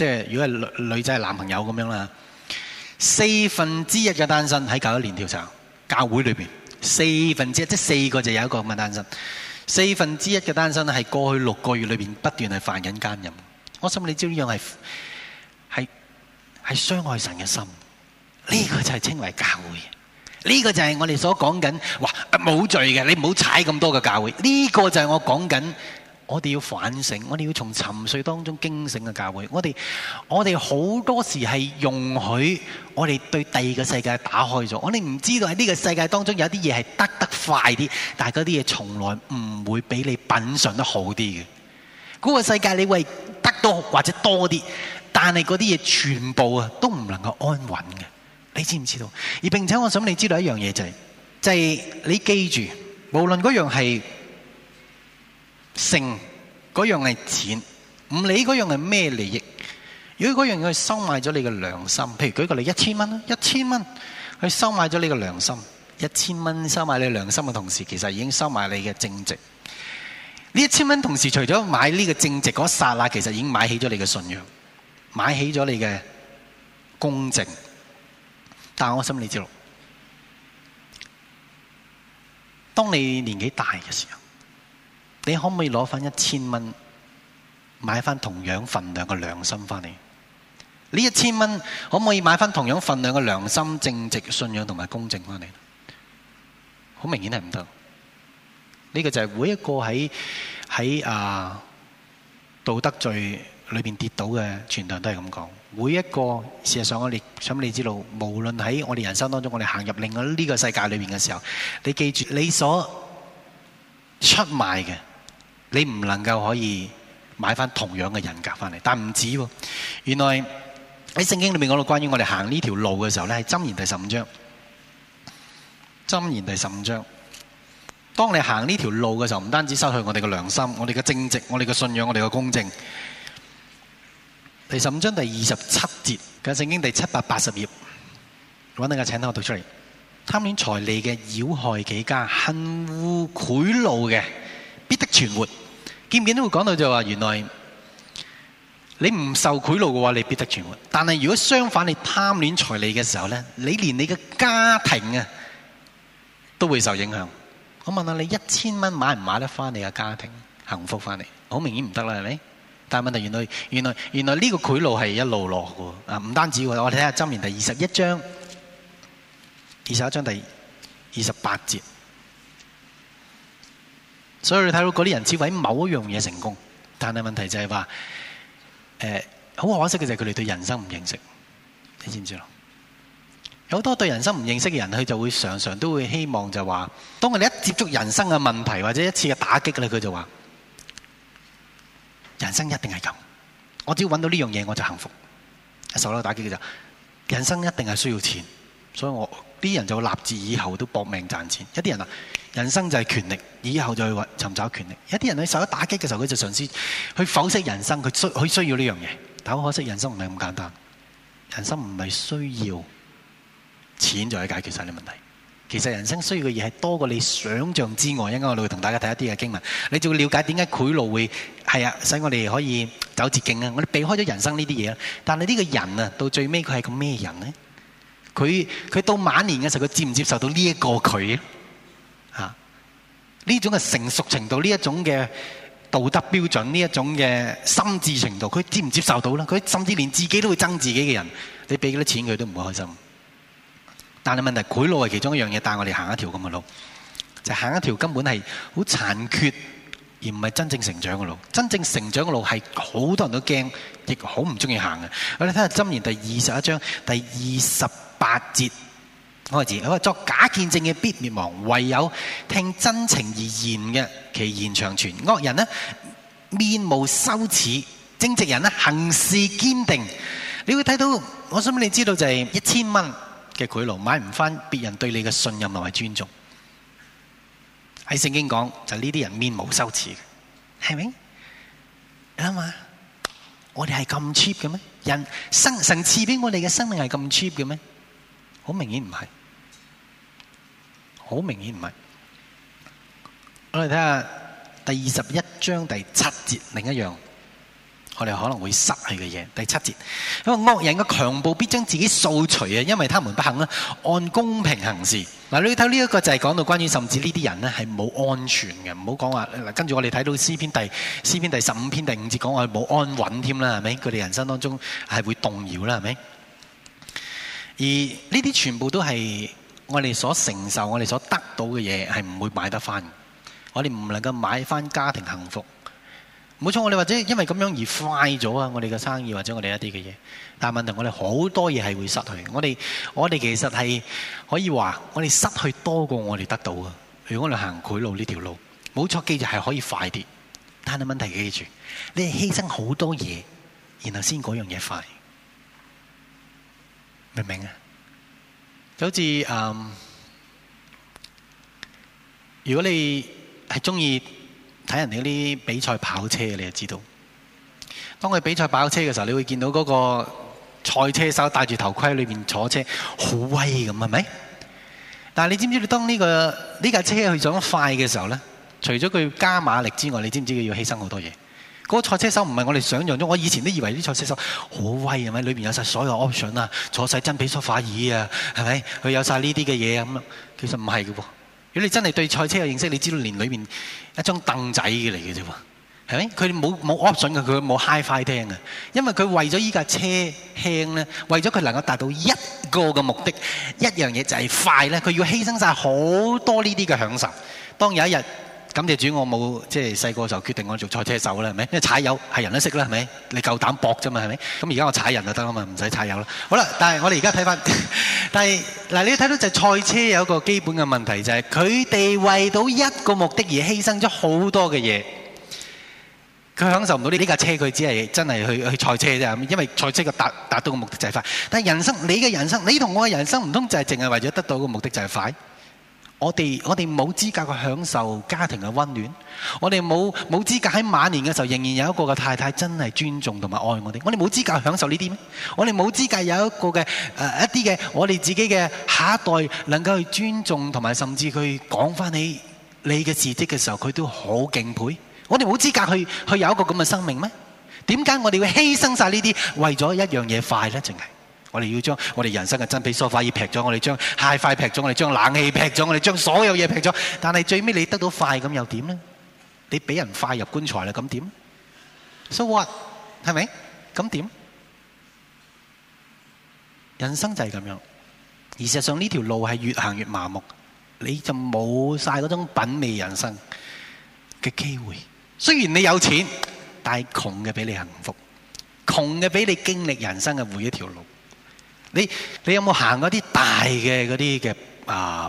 即係如果係女女仔男朋友咁樣啦，四分之一嘅單身喺九一年調查教會裏邊，四分之一即係四個就有一個咁嘅單身，四分之一嘅單身咧係過去六個月裏邊不斷係犯緊奸淫。我心裏知，呢樣係係係傷害神嘅心，呢、這個就係稱為教會，呢、這個就係我哋所講緊話冇罪嘅，你唔好踩咁多嘅教會，呢、這個就係我講緊。我哋要反省，我哋要從沉睡當中驚醒嘅教會。我哋我哋好多時係容許我哋對第二個世界打開咗，我哋唔知道喺呢個世界當中有啲嘢係得得快啲，但係嗰啲嘢從來唔會畀你品嘗得好啲嘅。嗰、那個世界你會得到或者多啲，但係嗰啲嘢全部啊都唔能夠安穩嘅。你知唔知道？而並且我想你知道一樣嘢就係、是，就係、是、你記住，無論嗰樣係。性，嗰樣係錢，唔理嗰樣係咩利益。如果嗰樣嘢收買咗你嘅良心，譬如舉個例，一千蚊，一千蚊去收買咗你嘅良心。一千蚊收買你良心嘅同時，其實已經收買你嘅正直。呢一千蚊同時，除咗買呢個正直嗰剎那，其實已經買起咗你嘅信仰，買起咗你嘅公正。但我心裏知道，當你年紀大嘅時候。你可唔可以攞返一千蚊，買返同樣份量嘅良心返嚟？呢一千蚊可唔可以買翻同樣份量嘅良心、正直、信仰同埋公正返嚟？好明顯係唔得。呢、呢個就係每一個喺喺啊道德罪裏面跌倒嘅全堂都係咁講。每一個事實上我們，我哋想你知道，無論喺我哋人生當中，我哋行入另外呢個,個世界裏面嘅時候，你記住，你所出賣嘅。你唔能夠可以買返同樣嘅人格返嚟，但唔止喎。原來喺聖經裏面講到關於我哋行呢條路嘅時候呢，係箴言第十五章。箴言第十五章，當你行呢條路嘅時候，唔單止失去我哋嘅良心、我哋嘅正直、我哋嘅信仰、我哋嘅公正。第十五章第二十七節，嘅聖經第七百八,八十頁，揾定個請單我讀出嚟。貪戀財利嘅，擾害己家，恨惡賄賂嘅，必得存活。見唔見都會講到就話，原來你唔受賄賂嘅話，你必得存活。但係如果相反，你貪戀財利嘅時候咧，你連你嘅家庭啊都會受影響。我問下你，一千蚊買唔買得翻你嘅家庭幸福翻嚟？好明顯唔得啦，係咪？但係問題原來，原來，原來呢個賄賂係一路落嘅啊！唔單止我，我哋睇下《箴言》第二十一章，二十一章第二十八節。所以你睇到嗰啲人只為某一樣嘢成功，但係問題就係、是、話，誒、呃、好可惜嘅就係佢哋對人生唔認識，你知唔知咯？有好多對人生唔認識嘅人，佢就會常常都會希望就係話，當我哋一接觸人生嘅問題或者一次嘅打擊咧，佢就話：人生一定係咁，我只要揾到呢樣嘢我就幸福。受到打擊嘅時候，人生一定係需要錢，所以我，呢啲人就立志以後都搏命賺錢。一啲人啊～人生就係權力，以後就去揾尋找權力。有啲人喺受咗打擊嘅時候，佢就嘗試去剖析人生，佢需佢需要呢樣嘢。但可惜人生唔係咁簡單，人生唔係需要錢就可以解決晒啲問題。其實人生需要嘅嘢係多過你想象之外。應該我哋會同大家睇一啲嘅經文，你就要了解點解賄賂會係啊，所以我哋可以走捷徑啊。我哋避開咗人生呢啲嘢，但係呢個人啊，到最尾佢係個咩人呢？佢佢到晚年嘅時候，佢接唔接受到呢一個佢？呢種嘅成熟程度，呢一種嘅道德標準，呢一種嘅心智程度，佢接唔接受到呢？佢甚至連自己都會憎自己嘅人，你俾幾多錢佢都唔會開心。但係問題，攪內賄賂係其中一，帶一樣嘢，帶我哋行一條咁嘅路，就行、是、一條根本係好殘缺而唔係真正成長嘅路。真正成長嘅路係好多人都驚，亦好唔中意行嘅。我哋睇下《箴言》第二十一章第二十八節。開始，我話作假見證嘅必滅亡，唯有聽真情而言嘅，其言長存。惡人呢面，無羞恥，正直人呢行，事堅定。你會睇到，我想你知道就係一千蚊嘅賄賂買唔返，別人對你嘅信任同埋尊重。喺聖經講就呢啲人面無羞恥，係咪？諗下，我哋係咁 cheap 嘅咩？人生神賜俾我哋嘅生命係咁 cheap 嘅咩？好明顯唔係。好明顯唔係，我哋睇下第二十一章第七節，另一樣，我哋可能會失去嘅嘢。第七節，因為惡人嘅強暴必將自己掃除啊，因為他們不肯啊，按公平行事。嗱，你睇呢一個就係講到關於甚至呢啲人咧係冇安全嘅，唔好講話。嗱，跟住我哋睇到詩篇第詩篇第十五篇第五節講我哋冇安穩添啦，係咪？佢哋人生當中係會動搖啦，係咪？而呢啲全部都係。我哋所承受，我哋所得到嘅嘢係唔會買得翻。我哋唔能夠買翻家庭幸福。冇錯我，我哋或者因為咁樣而快咗啊！我哋嘅生意或者我哋一啲嘅嘢。但係問題，我哋好多嘢係會失去。我哋我哋其實係可以話，我哋失去多過我哋得到啊！如果我哋行賄賂呢條路，冇錯，記住係可以快啲。但係問題是記住，你係犧牲好多嘢，然後先嗰樣嘢快，明唔明啊？就好似、嗯、如果你係中意睇人哋嗰啲比賽跑車，你就知道，當佢比賽跑車嘅時候，你會見到嗰個賽車手戴住頭盔裏面坐車，好威咁，係咪？但係你知唔知道，呢個，當呢個車架車去想快嘅時候呢，除咗佢要加馬力之外，你知唔知佢要犧牲好多嘢？嗰賽車手唔係我哋想象中，我以前都以為啲賽車手好威啊，咪裏面有晒所有 option 啊，坐晒真皮梳化椅啊，係咪？佢有晒呢啲嘅嘢咁啦。其實唔係嘅噃，如果你真係對賽車有認識，你知道連裏面一張凳仔嘅嚟嘅啫喎，係咪？佢冇冇 option 嘅，佢冇 hifi 聽嘅，因為佢為咗依架車輕咧，為咗佢能夠達到一個嘅目的，一樣嘢就係快咧，佢要犧牲晒好多呢啲嘅享受。當有一日，感謝主，我冇即係細個時候就決定我做賽車手啦，係咪？因為踩油係人都識啦，係咪？你夠膽搏啫嘛，係咪？咁而家我踩人就得啦嘛，唔使踩油啦。好啦，但係我哋而家睇翻，但係嗱，你睇到就係賽車有一個基本嘅問題，就係佢哋為到一個目的而犧牲咗好多嘅嘢。佢享受唔到呢？呢架車佢只係真係去去賽車啫，因為賽車嘅達達到嘅目的就係快。但係人生，你嘅人生，你同我嘅人生唔通就係淨係為咗得到一個目的就係快？我哋我哋冇資格去享受家庭嘅溫暖，我哋冇冇資格喺晚年嘅時候仍然有一個嘅太太真係尊重同埋愛我哋，我哋冇資格享受呢啲咩？我哋冇資格有一個嘅誒一啲嘅我哋自己嘅下一代能夠去尊重同埋甚至佢講翻你你嘅事蹟嘅時候，佢都好敬佩。我哋冇資格去去有一個咁嘅生命咩？點解我哋會犧牲晒呢啲為咗一樣嘢快呢？淨係。我哋要將我哋人生嘅真皮梳化椅劈咗，我哋將 hi-fi 劈咗，我哋將冷氣劈咗，我哋將所有嘢劈咗。但係最尾你得到快咁又點咧？你俾人快入棺材啦，咁點？So what？係咪？咁點？人生就係咁樣。而事實上呢條路係越行越麻木，你就冇晒嗰種品味人生嘅機會。雖然你有錢，但係窮嘅比你幸福，窮嘅比你經歷人生嘅每一條路。你，你有冇行嗰啲大嘅嗰啲嘅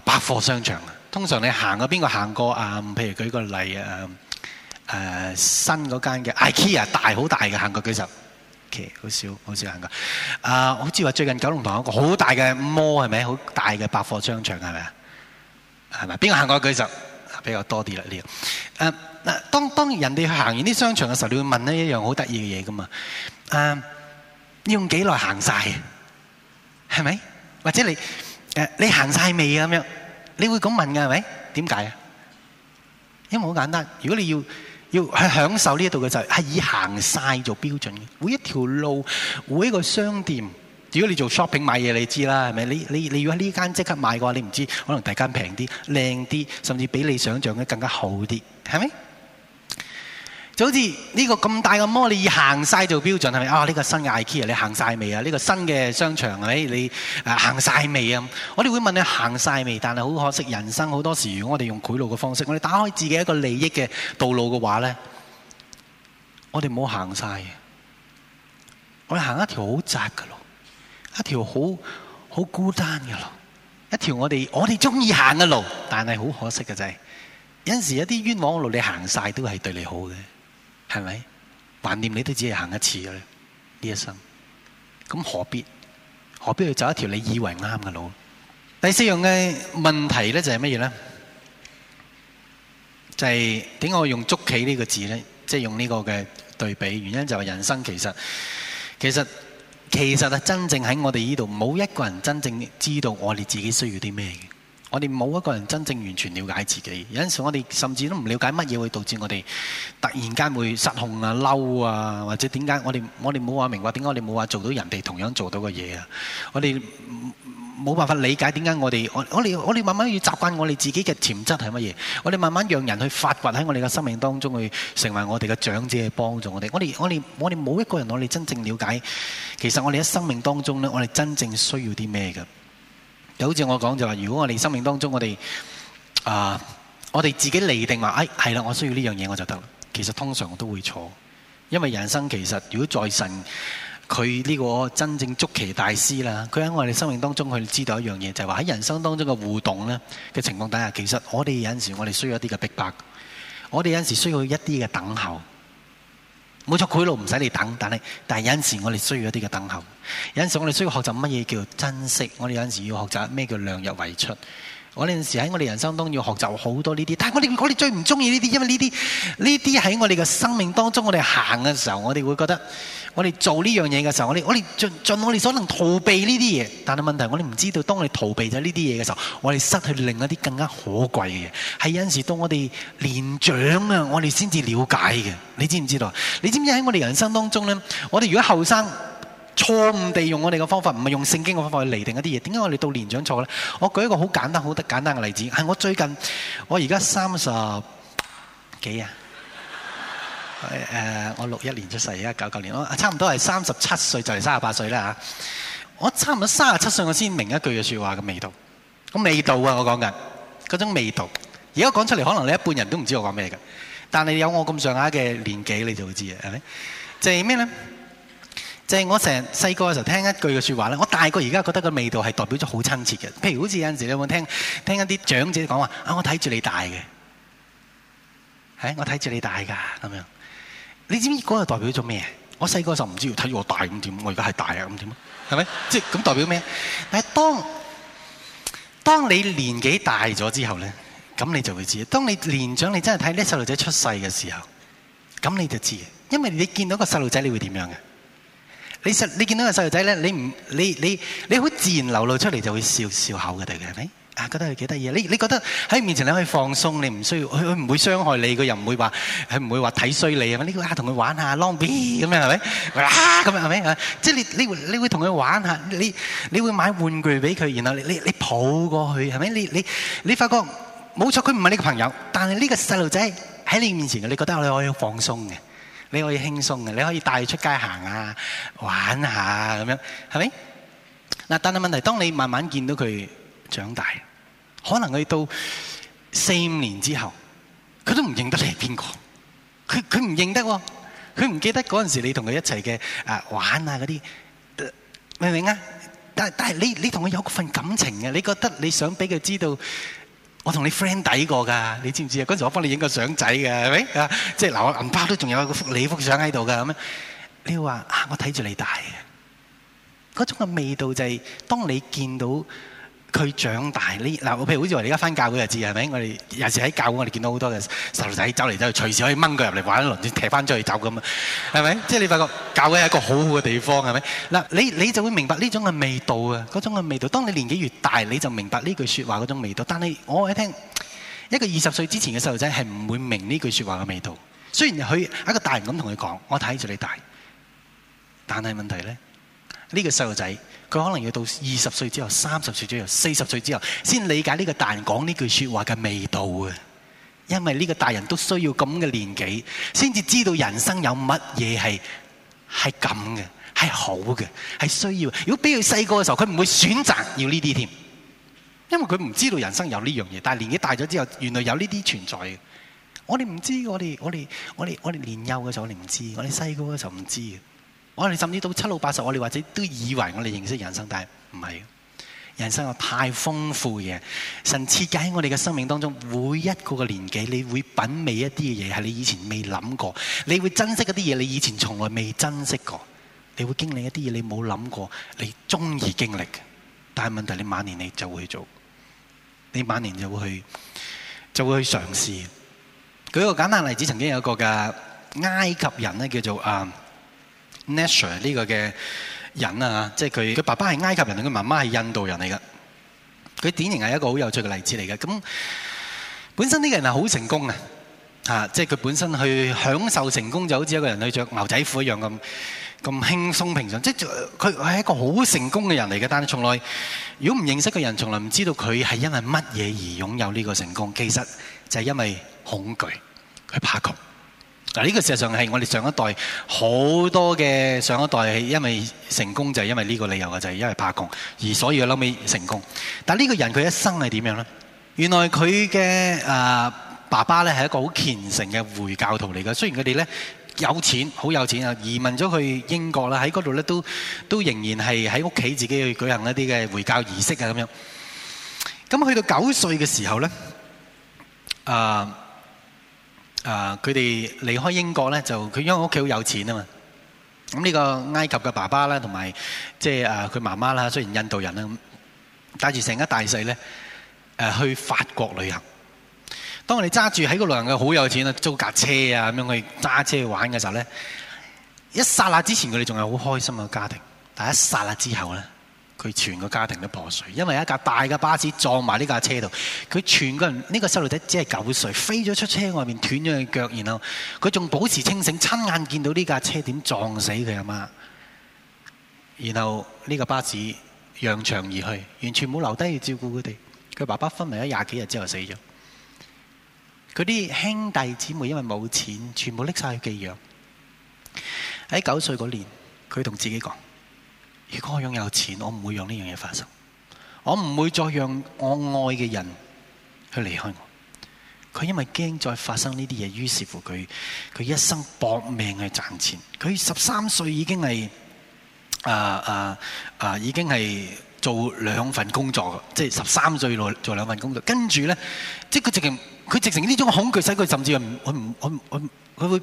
百貨商場，通常你行過邊個行過比、啊、譬如舉個例、啊啊、新嗰間嘅 IKEA 大好大嘅，行過幾十好少好少行過。啊，好似話最近九龍塘有一個好大嘅 mall 係咪？好大嘅百貨商場係咪是係咪邊個行過幾、啊、比較多啲啦、這個啊？當人哋行完啲商場嘅時候，你會問一樣好得意嘅嘢㗎嘛？要、啊、用幾耐行曬？係咪？或者你誒你行晒未啊咁樣？你會咁問噶係咪？點解啊？因為好簡單。如果你要要去享受呢一度嘅就係係以行晒做標準嘅。每一條路，每一個商店，如果你做 shopping 買嘢，你知啦係咪？你你你要喺呢間即刻買嘅話，你唔知可能第間平啲、靚啲，甚至比你想象嘅更加好啲，係咪？好似呢個咁大嘅魔力，你以行晒做標準係咪啊？呢個新嘅 IKEA 你行晒未啊？呢個新嘅商場，嘿你行晒未啊？我哋會問你行晒未，但係好可惜，人生好多時，如果我哋用賄賂嘅方式，我哋打開自己一個利益嘅道路嘅話咧，我哋唔好行晒。啊，我哋行一條好窄嘅路，一條好好孤單嘅路，一條我哋我哋中意行嘅路，但係好可惜嘅就係有陣時一啲冤枉嘅路，路，你行晒都係對你好嘅。係咪橫掂你都只係行一次嘅呢？呢一生咁何必何必，去走一條你以為啱嘅路？第四樣嘅問題咧就係乜嘢咧？就係點解我用捉棋呢個字咧？即係用呢個嘅對比，原因就係人生其實其實其實係真正喺我哋呢度冇一個人真正知道我哋自己需要啲咩嘅。我哋冇一個人真正完全瞭解自己，有陣時我哋甚至都唔瞭解乜嘢會導致我哋突然間會失控啊、嬲啊，或者點解我哋我哋冇話明白點解我哋冇話做到人哋同樣做到嘅嘢啊！我哋冇辦法理解點解我哋我我哋我哋慢慢要習慣我哋自己嘅潛質係乜嘢，我哋慢慢讓人去發掘喺我哋嘅生命當中去成為我哋嘅長者，去幫助我哋。我哋我哋我哋冇一個人我哋真正瞭解，其實我哋喺生命當中咧，我哋真正需要啲咩嘅？就好似我講就話，如果我哋生命當中，我哋啊、呃，我哋自己釐定話，哎，係啦，我需要呢樣嘢我就得啦。其實通常我都會錯，因為人生其實，如果在神，佢呢個真正捉棋大師啦，佢喺我哋生命當中，佢知道一樣嘢，就係話喺人生當中嘅互動呢，嘅情況底下，其實我哋有陣時，我哋需要一啲嘅逼迫，我哋有陣時需要一啲嘅等候。冇錯，賄賂唔使你等，但係但係有陣時我哋需要一啲嘅等候，有陣時我哋需要學習乜嘢叫珍惜，我哋有陣時要學習咩叫量入為出。嗰陣時喺我哋人生當中要學習好多呢啲，但我哋最唔中意呢啲，因為呢啲喺我哋嘅生命當中，我哋行嘅時候，我哋會覺得我哋做呢樣嘢嘅時候，我哋我哋盡，盡我哋所能逃避呢啲嘢。但係問題，我哋唔知道當我哋逃避咗呢啲嘢嘅時候，我哋失去另一啲更加可貴嘅嘢。係有時到我哋年長啊，我哋先至了解嘅。你知唔知道？你知唔知喺我哋人生當中呢？我哋如果後生。錯誤地用我哋嘅方法，唔係用聖經嘅方法去嚟定一啲嘢。點解我哋到年長錯咧？我舉一個好簡單、好得簡單嘅例子。係我最近，我而家三十幾啊。誒、呃，我六一年出世，而家九九年，我差唔多係三十七歲，就嚟三十八歲啦嚇。我差唔多三十七歲，我先明一句嘅説話嘅味道。咁味道啊，我講緊嗰種味道。而家講出嚟，可能你一半人都唔知我講咩嘅。但係有我咁上下嘅年紀，你就會知嘅。係咪？即係咩咧？即係我成日細個嘅時候聽一句嘅説話咧，我大個而家覺得個味道係代表咗好親切嘅。譬如好似有陣時你有冇聽聽一啲長者講話啊？我睇住你大嘅、係我睇住你大噶咁樣。你知唔知嗰個代表咗咩？我細個就唔知，要睇住我大咁點，我而家係大啊咁點咯，係咪？即係咁代表咩？但係當當你年紀大咗之後咧，咁你就會知。當你年長，你真係睇呢細路仔出世嘅時候，咁你就知，因為你見到個細路仔，你會點樣嘅？你你見到個細路仔咧，你你你你好自然流露出嚟就會笑笑口嘅對佢係咪啊？覺得佢幾得意啊？你你覺得喺面前你可以放鬆，你唔需要佢佢唔會傷害你，佢又唔會話佢唔會話睇衰你啊嘛？呢個啊同佢玩下 long be 咁樣係咪啊，咁樣係咪啊？啊即係你你，你會你會同佢玩下，你你會買玩具俾佢，然後你你你抱過去係咪？你你你發覺冇錯，佢唔係你朋友，但係呢個細路仔喺你面前，你覺得你可以放鬆嘅。你可以輕鬆嘅，你可以帶佢出街行啊、玩下咁樣，係咪？嗱，但係問題，當你慢慢見到佢長大，可能佢到四五年之後，佢都唔認得你係邊個，佢佢唔認得喎，佢唔記得嗰陣時你同佢一齊嘅啊玩啊嗰啲，明唔明啊？但係但係你你同佢有份感情嘅，你覺得你想俾佢知道。我同你 friend 抵過㗎，你知唔知啊？嗰陣我幫你影個相仔㗎，係咪啊？即係嗱， <laughs> <laughs> 銀包都仲有你幅相喺度㗎。咁樣。你話啊，我睇住你大嘅，嗰種嘅味道就係當你見到。佢長大呢嗱，我譬如好似話你而家返教會日子係咪？我哋有時喺教會，我哋見到好多嘅細路仔走嚟走去，隨時可以掹佢入嚟玩一輪，踢翻出去走咁啊，係咪？即係你發覺教會係一個好好嘅地方，係咪？嗱，你你就會明白呢種嘅味道啊，嗰種嘅味道。當你年紀越大，你就明白呢句説話嗰種味道。但係我一聽一個二十歲之前嘅細路仔係唔會明呢句説話嘅味道。雖然佢一個大人咁同佢講，我睇住你大，但係問題咧，呢個細路仔。佢可能要到二十歲之後、三十歲之後、四十歲之後，先理解呢個大人講呢句說話嘅味道嘅、啊。因為呢個大人都需要咁嘅年紀，先至知道人生有乜嘢係係咁嘅，係好嘅，係需要。如果俾佢細個嘅時候，佢唔會選擇要呢啲添。因為佢唔知道人生有呢樣嘢，但係年紀大咗之後，原來有呢啲存在嘅。我哋唔知，我哋我哋我哋我哋年幼嘅時候我哋，我哋唔知，我哋細個嘅時候唔知。我哋甚至到七老八十，我哋或者都以為我哋認識人生，但係唔係嘅。人生啊，太豐富嘅。神設計喺我哋嘅生命當中，每一個嘅年紀，你會品味一啲嘅嘢，係你以前未諗過，你會珍惜一啲嘢，你以前從來未珍惜過，你會經歷一啲嘢，你冇諗過，你中意經歷嘅。但係問題，你晚年你就會去做，你晚年就會去，就會去嘗試。舉個簡單例子，曾經有一個嘅埃及人咧，叫做啊。Nashir 呢個嘅人啊，即係佢佢爸爸係埃及人，佢媽媽係印度人嚟噶。佢典型係一個好有趣嘅例子嚟嘅。咁本身呢個人係好成功啊，吓即係佢本身去享受成功，就好似一個人去着牛仔褲一樣咁咁輕鬆平常。即係佢係一個好成功嘅人嚟嘅，但係從來如果唔認識嘅人，從來唔知道佢係因為乜嘢而擁有呢個成功。其實就係因為恐懼，佢怕窮。嗱，呢個事實上係我哋上一代好多嘅上一代，一代因為成功就係、是、因為呢個理由嘅，就係、是、因為怕窮，而所以嘅後尾成功。但呢個人佢一生係點樣呢？原來佢嘅誒爸爸咧係一個好虔誠嘅回教徒嚟嘅，雖然佢哋咧有錢，好有錢啊，移民咗去英國啦，喺嗰度咧都都仍然係喺屋企自己去舉行一啲嘅回教儀式啊，咁樣。咁去到九歲嘅時候呢。誒、呃。啊！佢哋離開英國咧，就佢因為屋企好有錢啊嘛。咁呢個埃及嘅爸爸啦，同埋即係誒佢媽媽啦，雖然印度人啦，帶住成家大細咧，誒去法國旅行。當我哋揸住喺個旅行嘅好有錢啊，租架車啊咁樣去揸車去玩嘅時候咧，一剎那之前佢哋仲係好開心嘅家庭，但係一剎那之後咧。佢全個家庭都破碎，因為一架大嘅巴士撞埋呢架車度，佢全個人呢，呢個細路仔只係九歲，飛咗出車外面，斷咗隻腳，然後佢仲保持清醒，親眼見到呢架車點撞死佢阿媽，然後呢個巴士揚長而去，完全冇留低要照顧佢哋。佢爸爸昏迷咗廿幾日之後死咗，佢啲兄弟姊妹因為冇錢，全部拎晒去寄養。喺九歲嗰年，佢同自己講。如果我擁有錢，我唔會讓呢樣嘢發生。我唔會再讓我愛嘅人去離開我。佢因為驚再發生呢啲嘢，於是乎佢佢一生搏命去賺錢。佢十三歲已經係啊啊啊，已經係做兩份工作，即係十三歲做做兩份工作。跟住呢，即係佢直情，佢直情呢種恐懼使佢甚至係佢唔，佢佢佢會。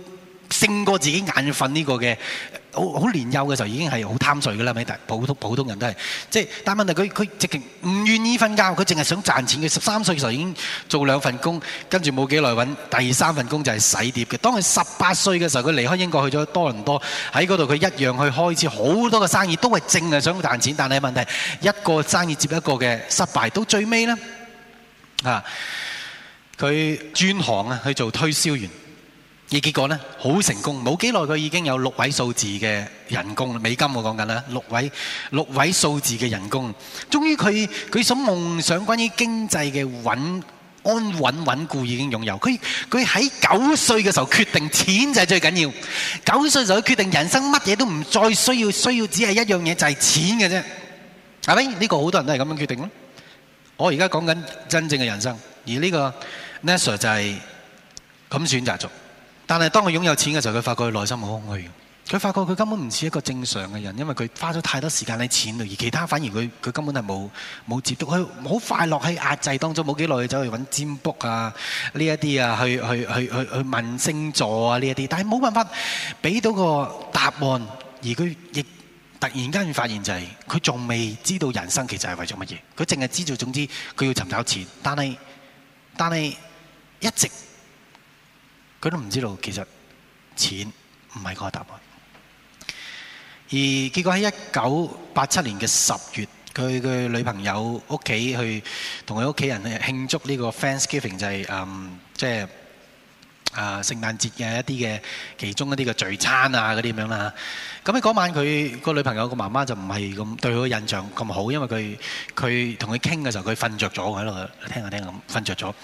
勝過自己眼瞓呢個嘅，好好年幼嘅時候已經係好貪睡噶啦，咪普通普通人都係，即係但係問題佢佢直情唔願意瞓覺，佢淨係想賺錢嘅。十三歲嘅時候已經做兩份工，跟住冇幾耐揾第三份工就係洗碟嘅。當佢十八歲嘅時候，佢離開英國去咗多倫多，喺嗰度佢一樣去開始好多嘅生意，都係淨係想賺錢，但係問題是一個生意接一個嘅失敗，到最尾呢，啊，佢轉行啊去做推銷員。而結果咧，好成功。冇幾耐，佢已經有六位數字嘅人工啦，美金我講緊啦，六位六位數字嘅人工。終於，佢佢想夢想關於經濟嘅穩安穩穩固已經擁有。佢佢喺九歲嘅時候決定錢就係最緊要。九歲就去決定人生乜嘢都唔再需要，需要只係一樣嘢就係錢嘅啫。係咪？呢個好多人都係咁樣決定咯。我而家講緊真正嘅人生，而呢個 Nash 就係咁選擇咗。但係當佢擁有錢嘅時候，佢發覺佢內心好空虛。佢發覺佢根本唔似一個正常嘅人，因為佢花咗太多時間喺錢度，而其他反而佢佢根本係冇冇接觸。佢好快樂喺壓制當中，冇幾耐去走去揾占卜啊呢一啲啊，去去去去去問星座啊呢一啲。但係冇辦法俾到個答案，而佢亦突然間佢發現就係佢仲未知道人生其實係為咗乜嘢。佢淨係知道，總之佢要尋找錢。但係但係一直。佢都唔知道，其實錢唔係個答案。而結果喺一九八七年嘅十月，佢佢女朋友屋企去同佢屋企人慶祝呢個 Thanksgiving，就係嗯即係啊聖誕節嘅一啲嘅其中一啲嘅聚餐啊嗰啲咁樣啦。咁喺嗰晚，佢個女朋友個媽媽就唔係咁對佢印象咁好，因為佢佢同佢傾嘅時候，佢瞓著咗喺度聽下聽下咁瞓著咗。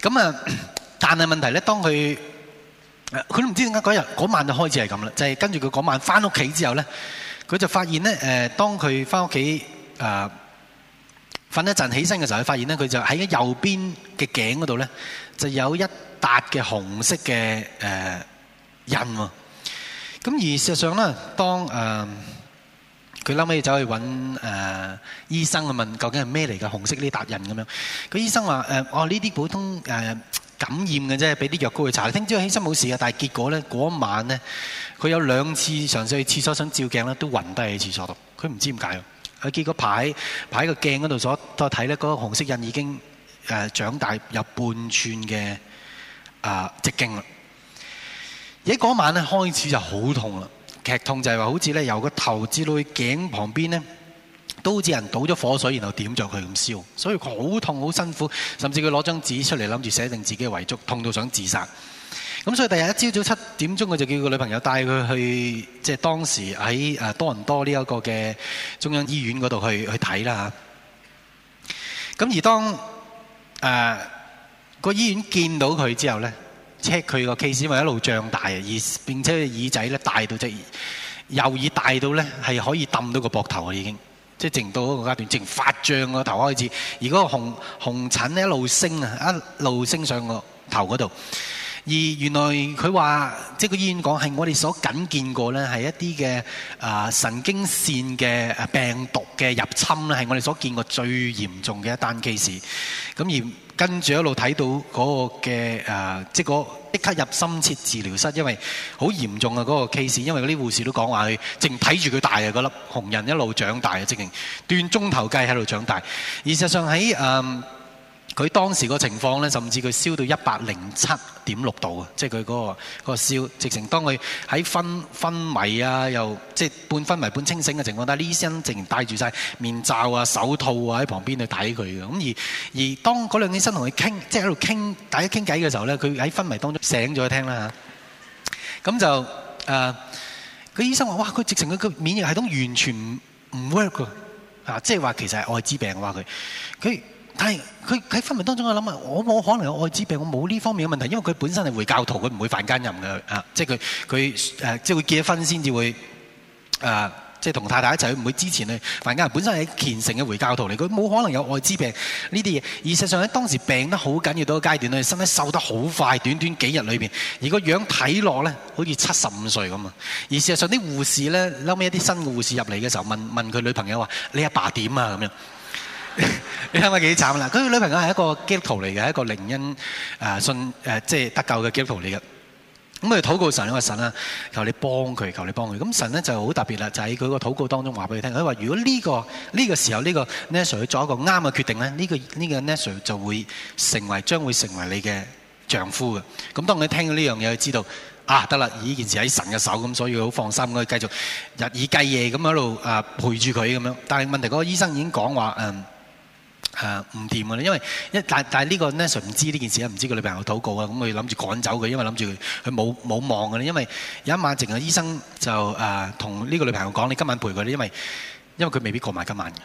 咁啊～但係問題咧，當佢誒，佢都唔知點解嗰日嗰晚就開始係咁啦，就係、是、跟住佢嗰晚返屋企之後咧，佢就發現咧誒，當佢返屋企誒瞓一陣起身嘅時候，佢發現咧佢就喺右邊嘅頸嗰度咧，就有一笪嘅紅色嘅誒、呃、印喎。咁而事實上咧，當誒佢、呃、後尾走去揾誒、呃、醫生去問究竟係咩嚟嘅紅色呢啲笪印咁樣，個醫生話誒，我呢啲普通誒。呃感染嘅啫，俾啲藥膏去搽，聽朝起身冇事啊。但係結果呢，嗰一晚呢，佢有兩次嘗試去廁所想照鏡呢，都暈低喺廁所度。佢唔知點解，佢結果牌牌個鏡嗰度所睇呢嗰、嗰個紅色印已經誒、呃、長大有半寸嘅啊、呃、直徑啦。而喺嗰晚呢，開始就好痛啦，劇痛就係話好似呢，由個頭至到去頸旁邊呢。都好似人倒咗火水，然後點著佢咁燒，所以佢好痛好辛苦，甚至佢攞張紙出嚟諗住寫定自己嘅遺囑，痛到想自殺。咁所以第日一朝早七點鐘，佢就叫個女朋友帶佢去，即係當時喺誒、呃、多倫多呢一個嘅中央醫院嗰度去去睇啦嚇。咁而當誒個、呃、醫院見到佢之後咧，即係佢個 case 咪一路脹大啊，而並且耳仔咧大到即右耳大到咧係可以揼到個膊頭啊已經。即係靜到嗰個階段，靜發脹個頭開始，而嗰個紅紅疹咧一路升啊，一路升上個頭嗰度。而原來佢話，即係個醫院講係我哋所僅見過咧，係一啲嘅啊神經線嘅病毒嘅入侵咧，係我哋所見過最嚴重嘅一單 case。咁而跟住一路睇到嗰個嘅啊，即係嗰即刻入深切治療室，因為好嚴重啊嗰個 case。因為嗰啲護士都講話佢淨睇住佢大啊，嗰粒紅人一路長大啊，直情斷鐘頭計喺度長大。而事實上喺啊～佢當時個情況咧，甚至佢燒到一百零七點六度啊！即係佢嗰個嗰、嗰個、燒，直情當佢喺昏，昏迷啊，又即係半昏迷半清醒嘅情況下， <music> 但係啲醫生直情戴住晒面罩啊、手套啊喺旁邊去睇佢嘅。咁而而當嗰兩醫生同佢傾，即係喺度傾大家傾偈嘅時候咧，佢喺昏迷當中醒咗一聽啦嚇。咁就誒，個、呃、醫生話：哇！佢直情佢個免疫系統完全唔 work 啊！即係話其實係艾滋病嘅話，佢佢。但係佢喺昏迷當中想，我諗啊，我冇可能有艾滋病，我冇呢方面嘅問題，因為佢本身係回教徒，佢唔會犯奸淫嘅啊，即係佢佢誒，即係會結婚先至會誒、啊，即係同太太一齊，佢唔會之前去犯奸淫，本身係虔誠嘅回教徒嚟，佢冇可能有艾滋病呢啲嘢。而事實上喺當時病得好緊要到個階段，佢身體瘦得好快，短短幾日裏邊，而個樣睇落咧，好似七十五歲咁啊。而事實上啲護士咧，後尾一啲新嘅護士入嚟嘅時候，問問佢女朋友話：你阿爸點啊？咁樣。 <laughs> 你睇下幾慘啦！佢女朋友係一個基督徒嚟嘅，一個靈恩誒信誒、呃、即係得救嘅基督徒嚟嘅。咁佢禱告神，因為神呢個神啊，求你幫佢，求你幫佢。咁神咧就好特別啦，就喺佢個禱告當中話俾佢聽。佢話如果呢、這個呢、這個時候呢、這個 Nessy 做一個啱嘅決定咧，呢、這個呢、這個 Nessy 就會成為，將會成為你嘅丈夫嘅。咁當你聽到呢樣嘢，知道啊得啦，呢件事喺神嘅手，咁所以好放心，可以繼續日以繼夜咁喺度誒陪住佢咁樣。但係問題嗰、那個醫生已經講話嗯。係唔掂嘅咧，因為一但但係、這、呢個 n a 唔知呢件事啊，唔知佢女朋友禱告啊，咁佢諗住趕走佢，因為諗住佢冇冇望嘅咧，因為有一晚，整個醫生就誒、呃、同呢個女朋友講：你今晚陪佢，因為因為佢未必過埋今晚嘅，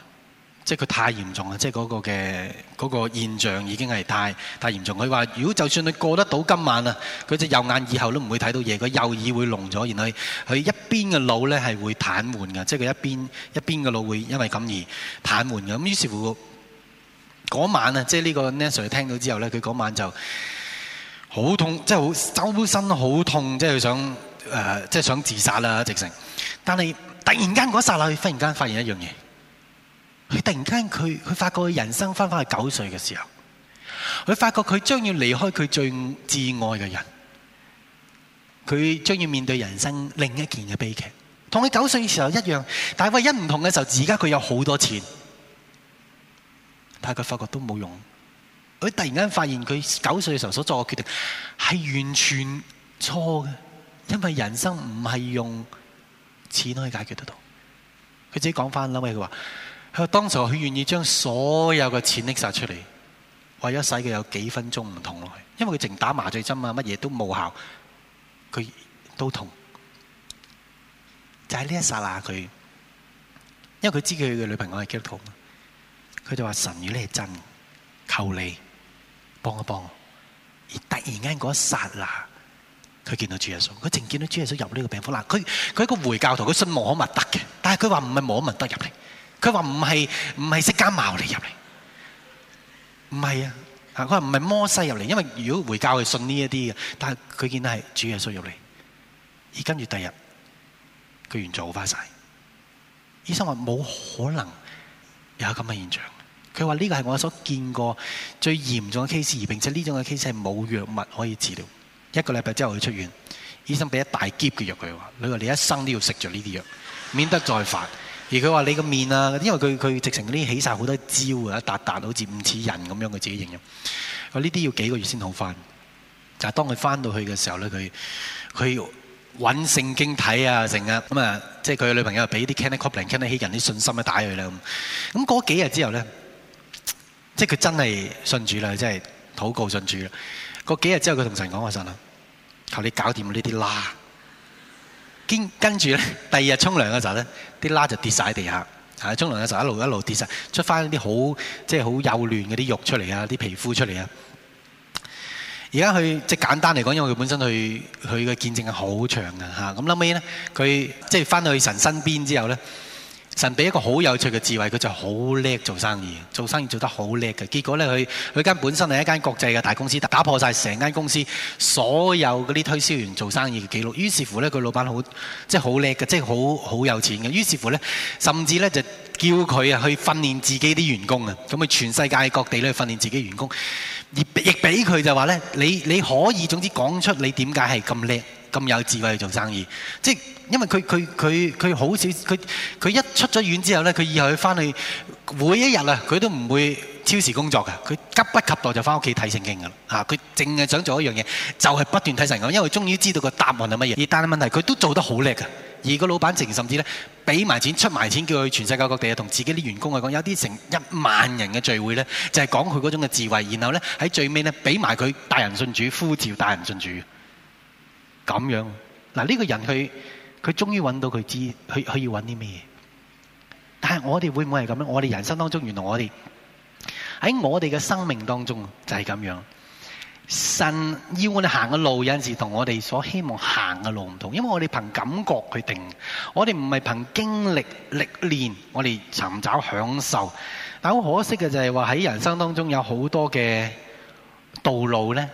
即係佢太嚴重啦，即係嗰個嘅嗰、嗰個現象已經係太太嚴重。佢話：如果就算你過得到今晚啊，佢隻右眼以後都唔會睇到嘢，佢右耳會聾咗，然後佢一邊嘅腦咧係會癱瘓嘅，即係佢一邊一邊嘅腦會因為咁而癱瘓嘅。咁於是乎。嗰晚啊，即係呢個 Nancy 聽到之後咧，佢嗰晚就好痛，即係好周身好痛，即係想、呃、即係想自殺啦，直情。但係突然間嗰一剎那，佢忽然間發現一樣嘢，佢突然間佢佢發覺佢人生翻返去九歲嘅時候，佢發覺佢將要離開佢最摯愛嘅人，佢將要面對人生另一件嘅悲劇，同佢九歲嘅時候一樣，但係唯一唔同嘅時候而家佢有好多錢。但他佢發覺都冇用，佢突然間發現佢九歲嘅時候所作嘅決定係完全錯嘅，因為人生唔係用錢可以解決得到。佢自己講翻，諗下佢話，佢當時佢願意將所有嘅錢拎晒出嚟，為咗使佢有幾分鐘唔痛落去，因為佢淨打麻醉針啊，乜嘢都冇效，佢都痛。就喺、是、呢一剎那佢，因為佢知佢嘅女朋友係基督徒。佢就話神，如你係真，求你幫一幫我。而突然間嗰一剎那，佢見到主耶穌，佢淨見到主耶穌入呢個病房啦。佢，佢一個回教徒，佢信穆罕默德嘅，但係佢話唔係穆罕默德入嚟，佢話唔係，唔係釋迦牟尼入嚟，唔係啊，佢話唔係摩西入嚟，因為如果回教係信呢一啲嘅，但係佢見到係主耶穌入嚟，而跟住第二日佢完全好返晒。醫生話冇可能有咁嘅現象。佢話呢個係我所見過最嚴重嘅 case，而並且呢種嘅 case 係冇藥物可以治療。一個禮拜之後佢出院，醫生俾一大劫嘅藥，佢話：你話你一生都要食咗呢啲藥，免得再發。而佢話：你個面啊，因為佢佢直情嗰起晒好多焦啊，一笪笪好似唔似人咁樣，佢自己形容。佢呢啲要幾個月先好返。但係當佢返到去嘅時候咧，佢佢揾聖經睇啊，成日。咁啊，即係佢嘅女朋友又俾啲 can the c can t e h e a 啲信心咧打佢啦。咁咁嗰幾日之後咧。即係佢真係信主啦，即係禱告信主啦。過幾日之後，佢同神講話，神啊，求你搞掂呢啲啦。跟跟住咧，第二日沖涼嘅時候咧，啲拉就跌晒喺地下。啊，沖涼嘅時候一路一路跌晒，出翻啲好即係好幼嫩嗰啲肉出嚟啊，啲皮膚出嚟啊。而家佢即係簡單嚟講，因為佢本身佢佢嘅見證係好長嘅吓。咁後尾咧，佢即係翻到去神身邊之後咧。神俾一個好有趣嘅智慧，佢就好叻做生意，做生意做得好叻嘅。結果呢，佢佢間本身係一間國際嘅大公司，打破晒成間公司所有嗰啲推銷員做生意嘅記錄。於是乎呢，佢老闆好即係好叻嘅，即係好好有錢嘅。於是乎呢，甚至呢，就叫佢啊去訓練自己啲員工啊，咁去全世界各地咧去訓練自己嘅員工，而亦俾佢就話呢，你你可以總之講出你點解係咁叻。咁有智慧去做生意，即係因為佢佢佢佢好少，佢佢一出咗院之後呢，佢以後回去翻去每一日啊，佢都唔會超時工作嘅，佢急不及待就翻屋企睇聖經噶啦，嚇佢淨係想做一樣嘢，就係、是、不斷睇神講，因為終於知道個答案係乜嘢。而但係問題，佢都做得好叻嘅，而個老闆成甚至呢，俾埋錢出埋錢，叫佢全世界各地同自己啲員工去講，有啲成一萬人嘅聚會呢，就係講佢嗰種嘅智慧，然後呢，喺最尾呢，俾埋佢大人信主呼召大人信主。咁樣嗱，呢個人佢佢終於揾到佢知，佢佢要揾啲咩嘢？但係我哋會唔會係咁樣？我哋人生當中，原來我哋喺我哋嘅生命當中就係咁樣。神要我哋行嘅路，有陣時同我哋所希望行嘅路唔同，因為我哋憑感覺去定，我哋唔係憑經歷歷練，我哋尋找享受。但好可惜嘅就係話喺人生當中有好多嘅道路咧，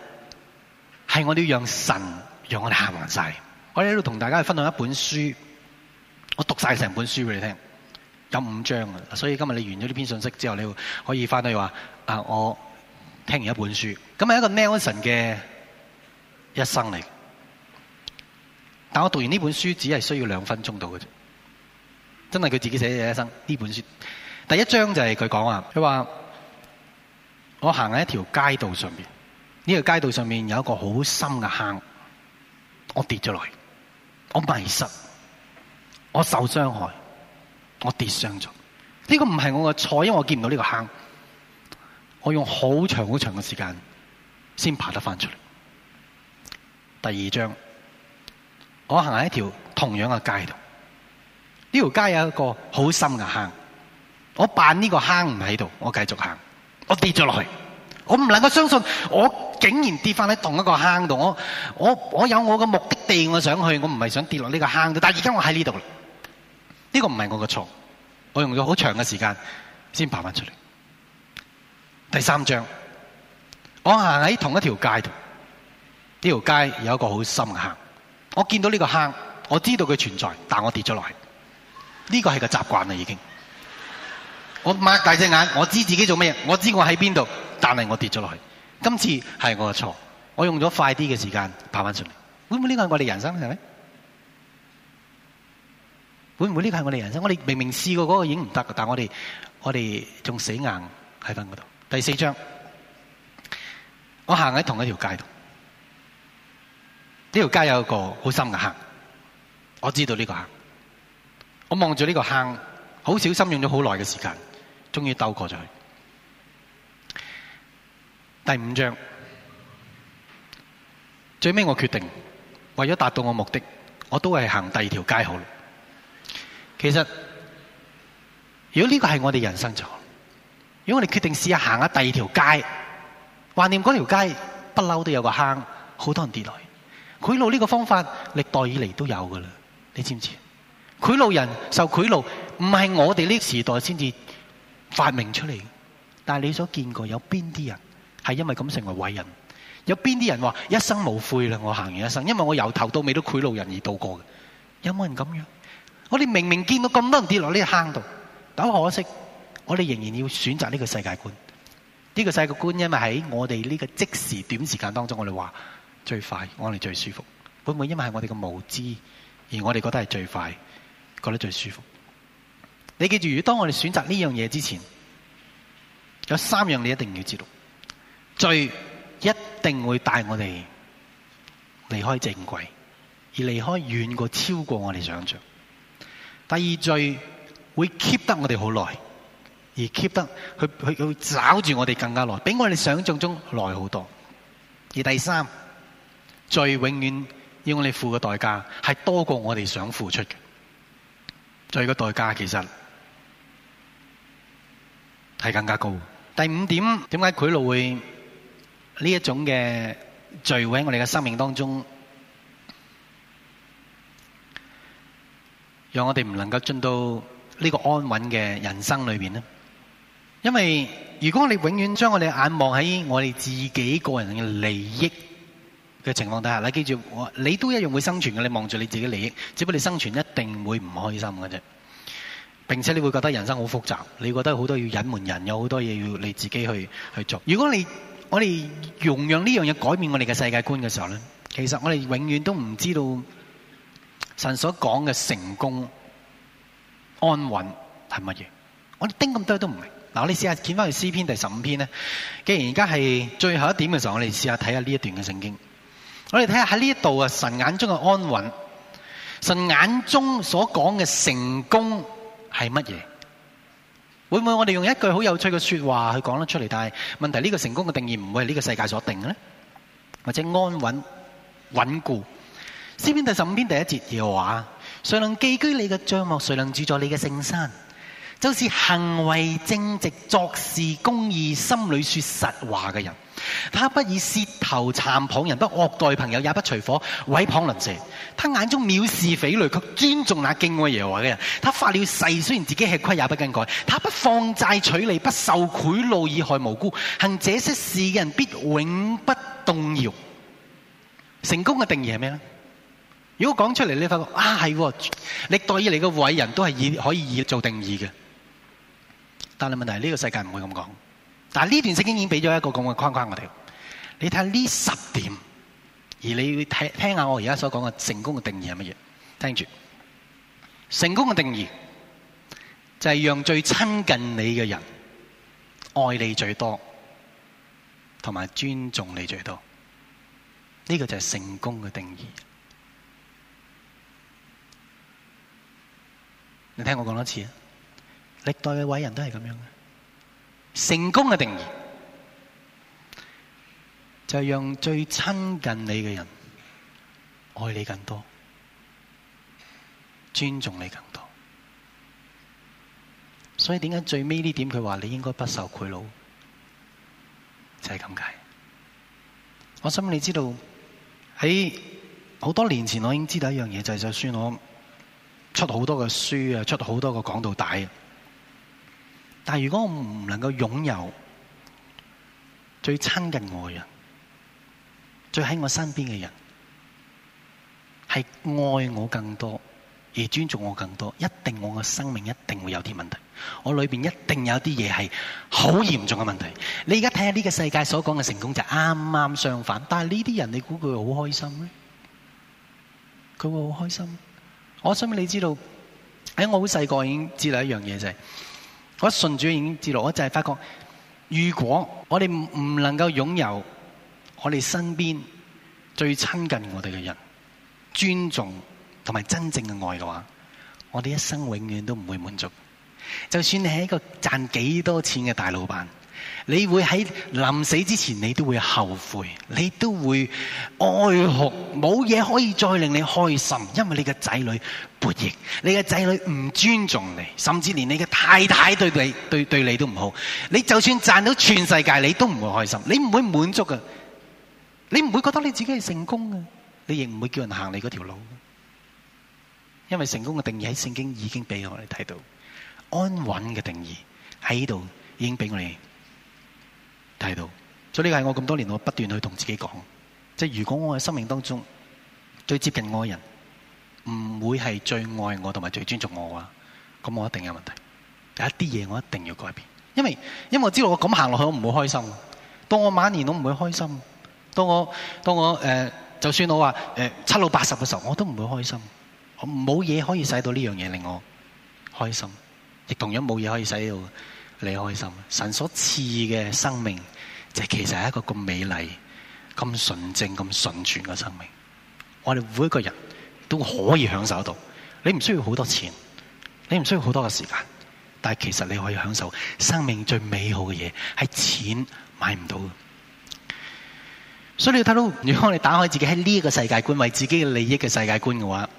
係我哋要讓神。讓我哋行埋晒。我哋喺度同大家分享一本書，我讀晒成本書俾你聽，有五章，所以今日你完咗呢篇信息之後，你會可以翻去話啊，我聽完一本書，咁係一個 Nelson 嘅一生嚟。但我讀完呢本書，只係需要兩分鐘到嘅啫，真係佢自己寫嘅一生呢本書。第一章就係佢講話，佢話我行喺一條街道上面，呢、這個街道上面有一個好深嘅坑。我跌咗落去，我迷失，我受傷害，我跌傷咗。呢個唔係我嘅錯，因為我見唔到呢個坑。我用好長好長嘅時間先爬得翻出嚟。第二章，我行喺一條同樣嘅街度，呢條街有一個好深嘅坑。我扮呢個坑唔喺度，我繼續行，我跌咗落去。我唔能夠相信，我竟然跌翻喺同一個坑度。我我我有我嘅目的地，我想去，我唔係想跌落呢個坑度。但係而家我喺呢度，呢個唔係我嘅錯。我用咗好長嘅時間先爬翻出嚟。第三章，我行喺同一條街度，呢條街有一個好深嘅坑。我見到呢個坑，我知道佢存在，但我跌咗落去。呢個係個習慣啦，已經。我擘大隻眼，我知自己做咩，我知我喺邊度。但係我跌咗落去，今次係我嘅錯。我用咗快啲嘅時間爬翻上嚟。會唔會呢個係我哋人生咧？係咪？會唔會呢個係我哋人生？我哋明明試過嗰個影唔得，但係我哋我哋仲死硬喺返嗰度。第四章，我行喺同一條街度，呢條街有一個好深嘅坑，我知道呢個坑。我望住呢個坑，好小心用咗好耐嘅時間，終於兜過咗去。第五章最尾，我決定為咗達到我的目的，我都係行第二條街好了。其實如果呢個係我哋人生就好，如果我哋決定試下行下第二條街，懷念嗰條街不嬲都有個坑，好多人跌落去。賄賂呢個方法，歷代以嚟，都有噶啦，你知唔知？賄賂人受賄賂，唔係我哋呢個時代先至發明出嚟，但係你所見過有邊啲人？係因為咁成為偉人？有邊啲人話一生無悔啦？我行完一生，因為我由頭到尾都賄賂人而度過嘅，有冇人咁樣？我哋明明見到咁多人跌落呢個坑度，但可惜我哋仍然要選擇呢個世界觀。呢個世界觀，因為喺我哋呢個即時短時間當中，我哋話最快，我哋最舒服，會唔會因為係我哋嘅無知，而我哋覺得係最快，覺得最舒服？你記住，當我哋選擇呢樣嘢之前，有三樣你一定要知道。罪一定會帶我哋離開正軌，而離開遠過超過我哋想象。第二，罪會 keep 得我哋好耐，而 keep 得佢佢佢抓住我哋更加耐，比我哋想象中耐好多。而第三，罪永遠要我哋付嘅代價係多過我哋想付出嘅罪嘅代價，其實係更加高。第五點，點解賄賂會？呢一種嘅聚會，喺我哋嘅生命當中，讓我哋唔能夠進到呢個安穩嘅人生裏邊。因為如果我哋永遠將我哋眼望喺我哋自己個人嘅利益嘅情況底下咧，記住，你都一樣會生存嘅。你望住你自己利益，只不過你生存一定會唔開心嘅啫，並且你會覺得人生好複雜，你覺得好多要隱瞞人，有好多嘢要你自己去去做。如果你我哋容讓呢樣嘢，改變我哋嘅世界觀嘅時候咧，其實我哋永遠都唔知道神所講嘅成功、安穩係乜嘢。我哋叮咁多都唔明。嗱，我哋試下揭翻,去詩篇第十五篇咧。既然而家係最後一點嘅時候，我哋試下睇下呢一段嘅聖經。我哋睇下喺呢一度啊，神眼中嘅安穩，神眼中所講嘅成功係乜嘢？會唔會我哋用一句好有趣嘅說話去講得出嚟？但係問題，呢個成功嘅定義唔會係呢個世界所定嘅咧，或者安穩穩固。詩篇第十五篇第一節嘅話，誰能寄居你嘅帳幕？誰能住在你嘅聖山？就是行為正直、作事公義、心裏說實話嘅人。他不以舌頭讒謗人，不惡待朋友，也不隨火毀謗鄰舍。他眼中藐視匪類，卻尊重那敬畏耶和華嘅人。他發了誓，雖然自己吃虧，也不更改。他不放債取利，不受賄賂以害無辜。行這些事嘅人，必永不動搖。成功嘅定義係咩咧？如果講出嚟，你發覺啊係，歷代以嚟嘅偉人都係以可以做定義嘅。但係問題係呢、這個世界唔會咁講。但係呢段聖經已經俾咗一個咁嘅框框我哋，你睇下呢十點，而你聽聽下我而家所講嘅成功嘅定義係乜嘢？聽住，成功嘅定義就係、是、讓最親近你嘅人愛你最多，同埋尊重你最多，呢、這個就係成功嘅定義。你聽我講多次，歷代嘅偉人都係咁樣嘅。成功嘅定義就係讓最親近你嘅人愛你更多，尊重你更多。所以點解最尾呢點佢話你應該不受賄賂，就係咁解。我想你知道喺好多年前我已經知道一樣嘢，就係就算我出好多嘅書啊，出好多嘅講道帶。但係如果我唔能夠擁有最親近我嘅人，最喺我身邊嘅人係愛我更多而尊重我更多，一定我嘅生命一定會有啲問題，我裏邊一定有啲嘢係好嚴重嘅問題。你而家睇下呢個世界所講嘅成功就啱啱相反，但係呢啲人你估佢會好開心咩？佢會好開心？我想俾你知道，喺我好細個已經知道一樣嘢就係。我一順住已經節落，我就係發覺，如果我哋唔能夠擁有我哋身邊最親近我哋嘅人，尊重同埋真正嘅愛嘅話，我哋一生永遠都唔會滿足。就算你係一個賺幾多錢嘅大老闆。你會喺臨死之前，你都會後悔，你都會哀哭，冇嘢可以再令你開心，因為你嘅仔女叛逆，你嘅仔女唔尊重你，甚至連你嘅太太對你對，對你都唔好。你就算賺到全世界，你都唔會開心，你唔會滿足噶，你唔會覺得你自己係成功嘅。你亦唔會叫人行你嗰條路，因為成功嘅定義喺聖經已經俾我哋睇到，安穩嘅定義喺呢度已經俾我哋。睇到，所以呢個係我咁多年我不斷去同自己講，即係如果我喺生命當中最接近愛人唔會係最愛我同埋最尊重我嘅話，咁我一定有問題。有一啲嘢我一定要改變，因為因為我知道我咁行落去我唔會開心，當我晚年我唔會開心，當我當我誒、呃、就算我話誒、呃、七老八十嘅時候我都唔會開心，我冇嘢可以使到呢樣嘢令我開心，亦同樣冇嘢可以使到。你開心，神所賜嘅生命，就其實係一個咁美麗、咁純淨、咁純全嘅生命。我哋每一個人都可以享受到，你唔需要好多錢，你唔需要好多嘅時間，但係其實你可以享受生命最美好嘅嘢，係錢買唔到嘅。所以你要睇到，如果你打開自己喺呢個世界觀，為自己嘅利益嘅世界觀嘅話，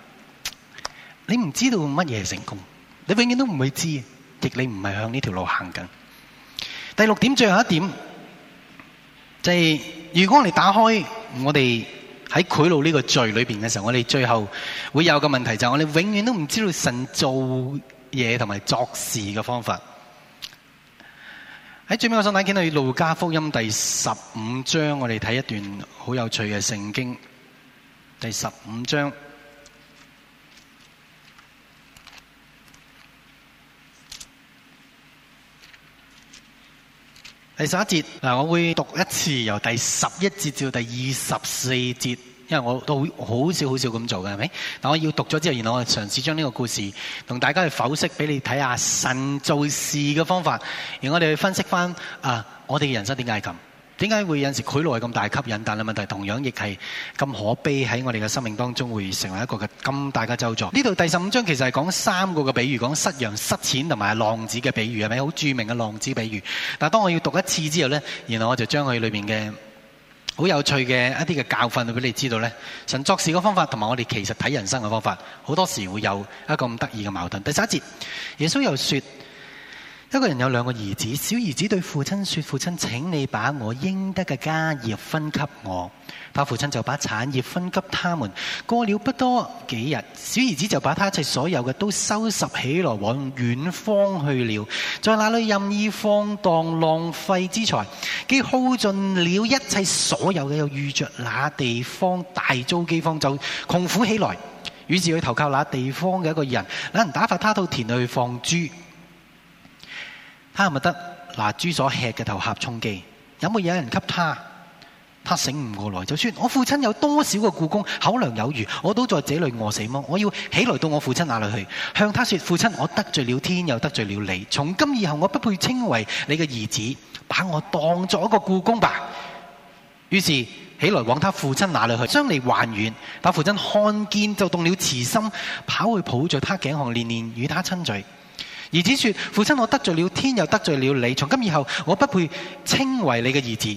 你唔知道乜嘢係成功，你永遠都唔會知道。亦你唔係向呢條路行緊。第六點，最後一點，就係如果我哋打開我哋喺賄賂呢個罪裏邊嘅時候，我哋最後會有個問題，就係我哋永遠都唔知道神做嘢同埋作事嘅方法。喺最尾，我想睇見到路加福音第十五章，我哋睇一段好有趣嘅聖經。第十五章。第十一節我會讀一次，由第十一節至到第二十四節，因為我都好少好少咁做嘅，係咪？但我要讀咗之後，然後我哋嘗試將呢個故事同大家去剖析，俾你睇下神做事嘅方法，然後我哋去分析翻啊、呃，我哋嘅人生點解咁？點解會有陣時賄賂係咁大吸引，但係問題同樣亦係咁可悲，喺我哋嘅生命當中會成為一個咁大嘅咒詛。呢度第十五章其實係講三個嘅比喻，講失羊失錢同埋浪子嘅比喻，係咪好著名嘅浪子比喻？但當當我要讀一次之後呢，然後我就將佢裏面嘅好有趣嘅一啲嘅教訓俾你知道呢，神作事嘅方法同埋我哋其實睇人生嘅方法，好多時候會有一個咁得意嘅矛盾。第十一節，耶穌又說。一個人有兩個兒子，小兒子對父親說：父親，請你把我應得嘅家業分給我。他父親就把產業分給他們。過了不多幾日，小兒子就把他一切所有嘅都收拾起來，往遠方去了，在那裏任意放蕩浪費資財，既耗盡了一切所有嘅，又遇着那地方大遭饑荒，就窮苦起來，於是去投靠那地方嘅一個人，那人打發他到田裏去放豬。阿咪、啊、得嗱，豬所吃嘅頭盒充飢，有冇有，有人給他？他醒唔過來。就算我父親有多少個雇工口糧有餘，我都在這裏餓死麼？我要起來到我父親那裏去，向他說：父親，我得罪了天，又得罪了你。從今以後，我不配稱為你嘅兒子，把我當作一個雇工吧。於是起來往他父親那裏去，將你還原。把父親看見就動了慈心，跑去抱着他頸項，連連與他親嘴。.兒子說：「父親，我得罪了天，又得罪了你。從今以後，我不配稱為你嘅兒子。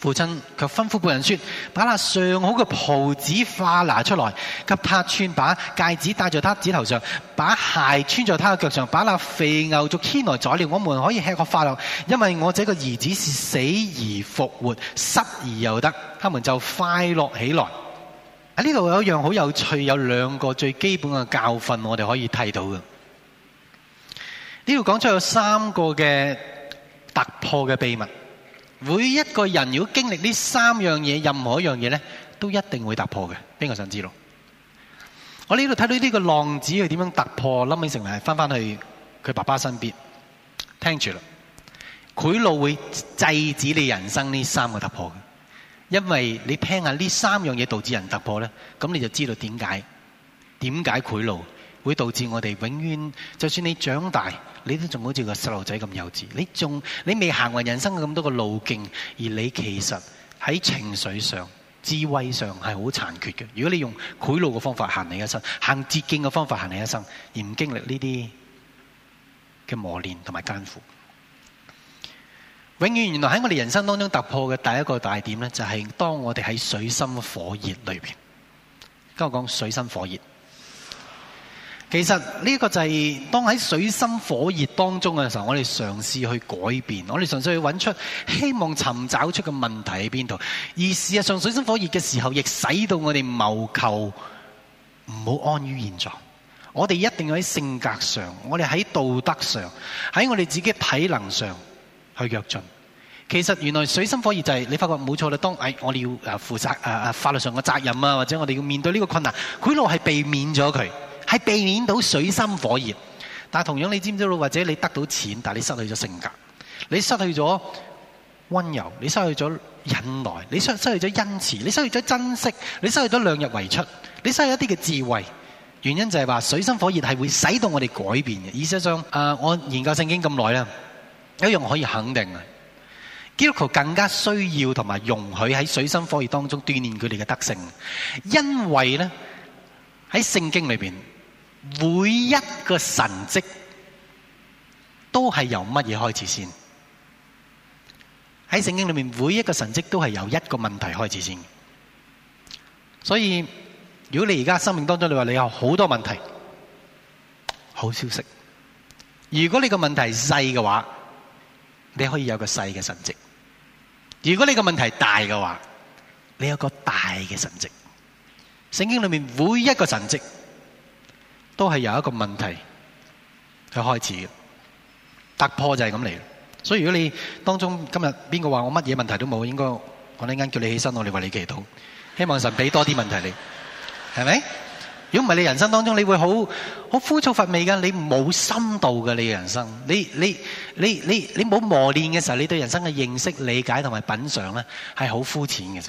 父親卻吩咐僕人說：「把那上好嘅袍子花拿出來，給他穿，把戒指戴在他指頭上，把鞋穿在他腳上，把那肥牛做天牽來宰了，我們可以吃個快樂。因為我這個兒子是死而復活，失而又得，他們就快樂起來。喺呢度有一樣好有趣，有兩個最基本嘅教訓，我哋可以睇到嘅。呢度講出有三個嘅突破嘅秘密，每一個人如果經歷呢三樣嘢，任何一樣嘢咧，都一定會突破嘅。邊個想知道？我呢度睇到呢個浪子係點樣突破，諗起成為翻翻去佢爸爸身邊，聽住啦。賄賂會制止你人生呢三個突破嘅，因為你聽下呢三樣嘢導致人突破咧，咁你就知道點解，點解賄賂會導致我哋永遠就算你長大。你都仲好似個細路仔咁幼稚，你仲你未行完人生咁多個路徑，而你其實喺情緒上、智慧上係好殘缺嘅。如果你用賄賂嘅方法行你一生，行捷徑嘅方法行你一生，而唔經歷呢啲嘅磨練同埋艱苦，永遠原來喺我哋人生當中突破嘅第一個大點咧，就係當我哋喺水深火熱裏邊，今日講水深火熱。其實呢、這個就係、是、當喺水深火熱當中嘅時候，我哋嘗試去改變，我哋嘗試去揾出希望，尋找出嘅問題喺邊度。而事實上，水深火熱嘅時候，亦使到我哋謀求唔好安於現狀。我哋一定要喺性格上，我哋喺道德上，喺我哋自己體能上，去躍進。其實原來水深火熱就係、是、你發覺冇錯啦。當我哋要誒負責、啊、法律上嘅責任啊，或者我哋要面對呢個困難，賄賂係避免咗佢。係避免到水深火熱，但係同樣你知唔知道？或者你得到錢，但係你失去咗性格，你失去咗溫柔，你失去咗忍耐，你失去咗恩慈，你失去咗珍惜，你失去咗量入為出，你失去咗一啲嘅智慧。原因就係話水深火熱係會使到我哋改變嘅。意思上，就是呃，我研究聖經咁耐咧，有一樣可以肯定嘅，基督徒更加需要同埋容許喺水深火熱當中鍛煉佢哋嘅德性，因為呢，喺聖經裏邊。每一個神蹟都係由乜嘢開始先？喺聖經裏面，每一個神蹟都係由一個問題開始先。所以，如果你而家生命當中你話你有好多問題，好消息。如果你個問題細嘅話，你可以有個細嘅神蹟；如果你個問題大嘅話，你有個大嘅神蹟。聖經裏面每一個神蹟。都係由一個問題去開始嘅突破就係咁嚟，所以如果你當中今日邊個話我乜嘢問題都冇，應該我陣間叫你起身，我哋為你祈禱，希望神俾多啲問題你，係咪？如果唔係，你人生當中你會好好枯燥乏味噶，你冇深度嘅你嘅人生，你你你你你冇磨練嘅時候，你對人生嘅認識、理解同埋品嘗咧，係好膚淺嘅啫。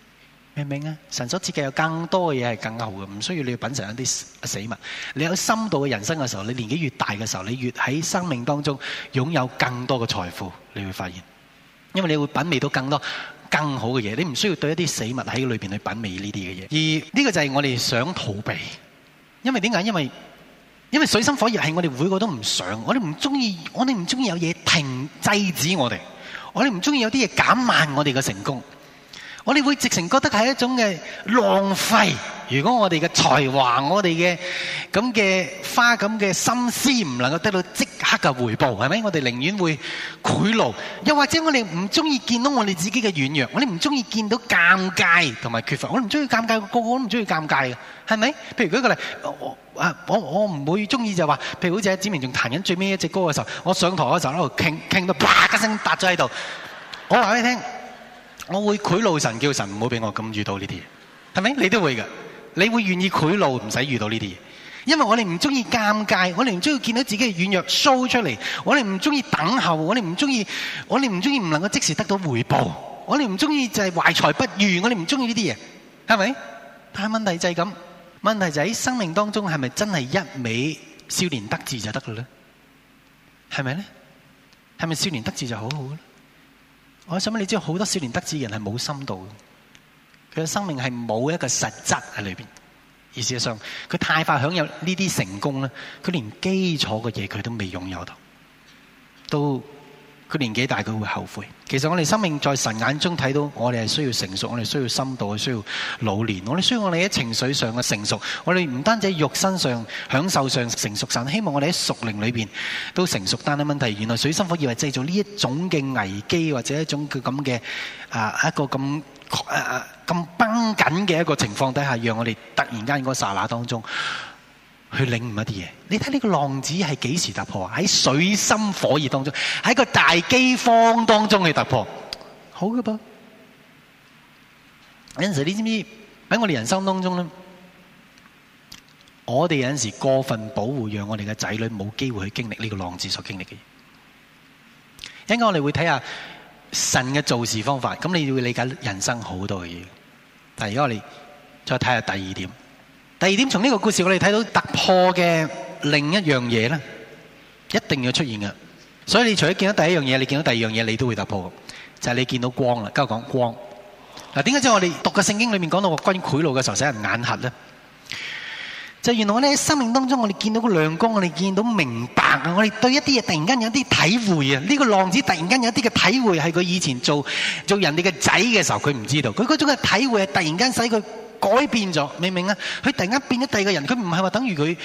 明唔明啊？神所設計有更多嘅嘢係更好嘅，唔需要你去品嘗一啲死物。你有深度嘅人生嘅時候，你年紀越大嘅時候，你越喺生命當中擁有更多嘅財富，你會發現，因為你會品味到更多更好嘅嘢，你唔需要對一啲死物喺裏邊去品味呢啲嘅嘢。而呢個就係我哋想逃避，因為點解？因為因為水深火熱係我哋每個都唔想，我哋唔中意，我哋唔中意有嘢停制止我哋，我哋唔中意有啲嘢減慢我哋嘅成功。我哋會直情覺得係一種嘅浪費。如果我哋嘅才華、我哋嘅咁嘅花咁嘅心思唔能夠得到即刻嘅回報，係咪？我哋寧願會賄賂，又或者我哋唔中意見到我哋自己嘅軟弱，我哋唔中意見到尷尬同埋缺乏，我唔中意尷尬，個個個都唔中意尷尬嘅，係咪？譬如舉一個例，我我我唔會中意就話，譬如好似喺子明仲彈緊最尾一隻歌嘅時候，我上台嗰時候喺度傾傾到啪一聲，嗒咗喺度。我話俾你聽。我會賄賂神，叫神唔好俾我咁遇到呢啲嘢，係咪？你都會嘅，你會願意賄賂，唔使遇到呢啲嘢，因為我哋唔中意尷尬，我哋唔中意見到自己嘅軟弱 show 出嚟，我哋唔中意等候，我哋唔中意，我哋唔中意唔能夠即時得到回報，我哋唔中意就係懷才不遇，我哋唔中意呢啲嘢，係咪？但係問題就係咁，問題就喺生命當中係咪真係一味少年得志就得嘅咧？係咪咧？係咪少年得志就好好咧？我想問你，知道好多少年得志嘅人係冇深度嘅，佢嘅生命係冇一個實質喺裏面，而事實上佢太快享有呢啲成功咧，佢連基礎嘅嘢佢都未擁有到，都。佢年紀大，佢會後悔。其實我哋生命在神眼中睇到，我哋係需要成熟，我哋需要深度，需要老練，我哋需要我哋喺情緒上嘅成熟。我哋唔單止喺肉身上享受上成熟，神希望我哋喺熟齡裏邊都成熟。但係問題原來水深火熱，為製造呢一種嘅危機，或者一種叫咁嘅啊一個咁誒誒咁繃緊嘅一個情況底下，讓我哋突然間嗰剎那當中。去領悟一啲嘢，你睇呢個浪子係幾時突破？喺水深火熱當中，喺個大饑荒當中去突破，好嘅噃。有陣時候你知唔知？喺我哋人生當中呢，我哋有陣時過分保護，讓我哋嘅仔女冇機會去經歷呢個浪子所經歷嘅嘢。一陣間我哋會睇下神嘅做事方法，咁你會理解人生好多嘅嘢。但係如果我哋再睇下第二點。第二點，從呢個故事我哋睇到突破嘅另一樣嘢咧，一定要出現嘅。所以你除咗見到第一樣嘢，你見到第二樣嘢，你都會突破嘅，就係你見到光啦。今日講光嗱，點解即係我哋讀嘅聖經裏面講到關於賄賂嘅時候，使人眼黑咧？即係原來喺生命當中我哋見到個亮光，我哋見到明白啊！我哋對一啲嘢突然間有啲體會啊！呢個浪子突然間有啲嘅體會係佢以前做做人哋嘅仔嘅時候，佢唔知道，佢嗰種嘅體會係突然間使佢改變咗，明唔明啊？佢突然間變咗第二個人，佢唔係話等於佢，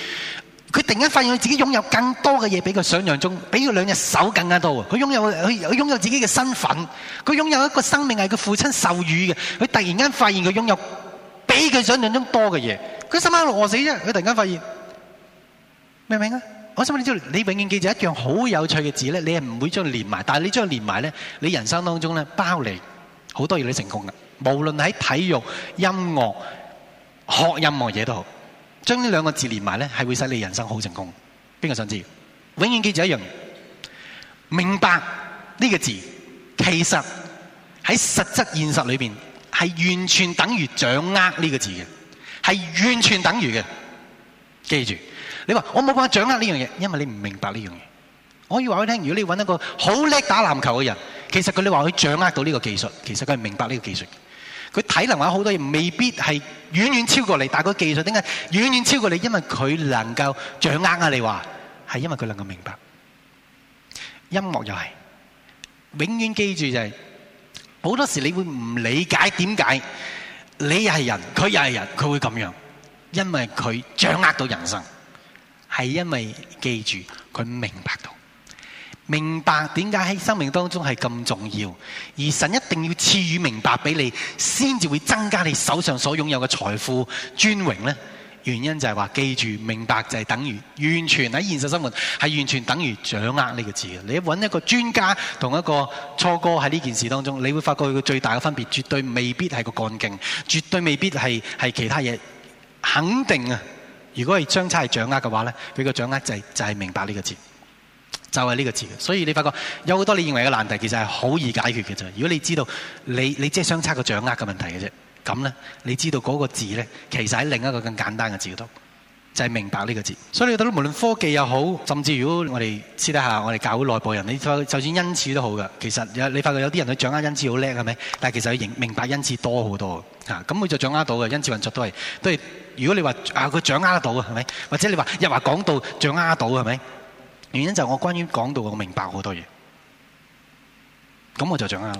佢突然間發現佢自己擁有更多嘅嘢比佢想像中，比佢兩隻手更加多。佢擁有佢佢擁有自己嘅身份，佢擁有一個生命係佢父親授予嘅。佢突然間發現佢擁有比佢想像中多嘅嘢。佢心諗餓死啫，佢突然間發現，明唔明啊？我想問你知道你永遠記住一樣好有趣嘅字咧，你係唔會將佢連埋，但係你將佢連埋咧，你人生當中咧包你好多嘢你成功噶。無論喺體育、音樂、學音樂嘢都好，將呢兩個字連埋咧，係會使你人生好成功的。邊個想知道？永遠記住一樣，明白呢個字，其實喺實質現實裏邊係完全等於掌握呢個字嘅，係完全等於嘅。記住，你話我冇辦法掌握呢樣嘢，因為你唔明白呢樣嘢。我可以話畀你聽，如果你搵一個好叻打籃球嘅人，其實佢哋話佢掌握到呢個技術，其實佢係明白呢個技術。佢體能話好多嘢，未必係遠遠超過你。但係佢技術點解遠遠超過你？因為佢能夠掌握啊！你話係因為佢能夠明白。音樂又係，永遠記住就係好多時，你會唔理解點解你又係人，佢又係人，佢會咁樣，因為佢掌握到人生，係因為記住佢明白到。明白點解喺生命當中係咁重要，而神一定要賜予明白俾你，先至會增加你手上所擁有嘅財富、尊榮呢？原因就係話，記住明白就係等於完全喺現實生活係完全等於掌握呢個字嘅。你揾一,一個專家同一個初哥喺呢件事當中，你會發覺佢最大嘅分別，絕對未必係個幹勁，絕對未必係係其他嘢。肯定啊，如果係相差係掌握嘅話呢，佢個掌握就係、是、就係、是、明白呢個字。就係呢個字，所以你發覺有好多你認為嘅難題，其實係好易解決嘅啫。如果你知道你你即係相差個掌握嘅問題嘅啫，咁呢，你知道嗰個字呢，其實喺另一個更簡單嘅字度，就係明白呢個字。所以你覺得無論科技又好，甚至如果我哋私底下，我哋教會內部人，你就算恩慈都好嘅，其實你發覺有啲人佢掌握恩慈好叻係咪？但係其實佢明白恩慈多好多嚇，咁佢就掌握到嘅恩慈運作都係都係。如果你話啊，佢掌握得到嘅係咪？或者你話一話講到掌握得到係咪？原因就係我關於講到我明白好多嘢，咁我就掌握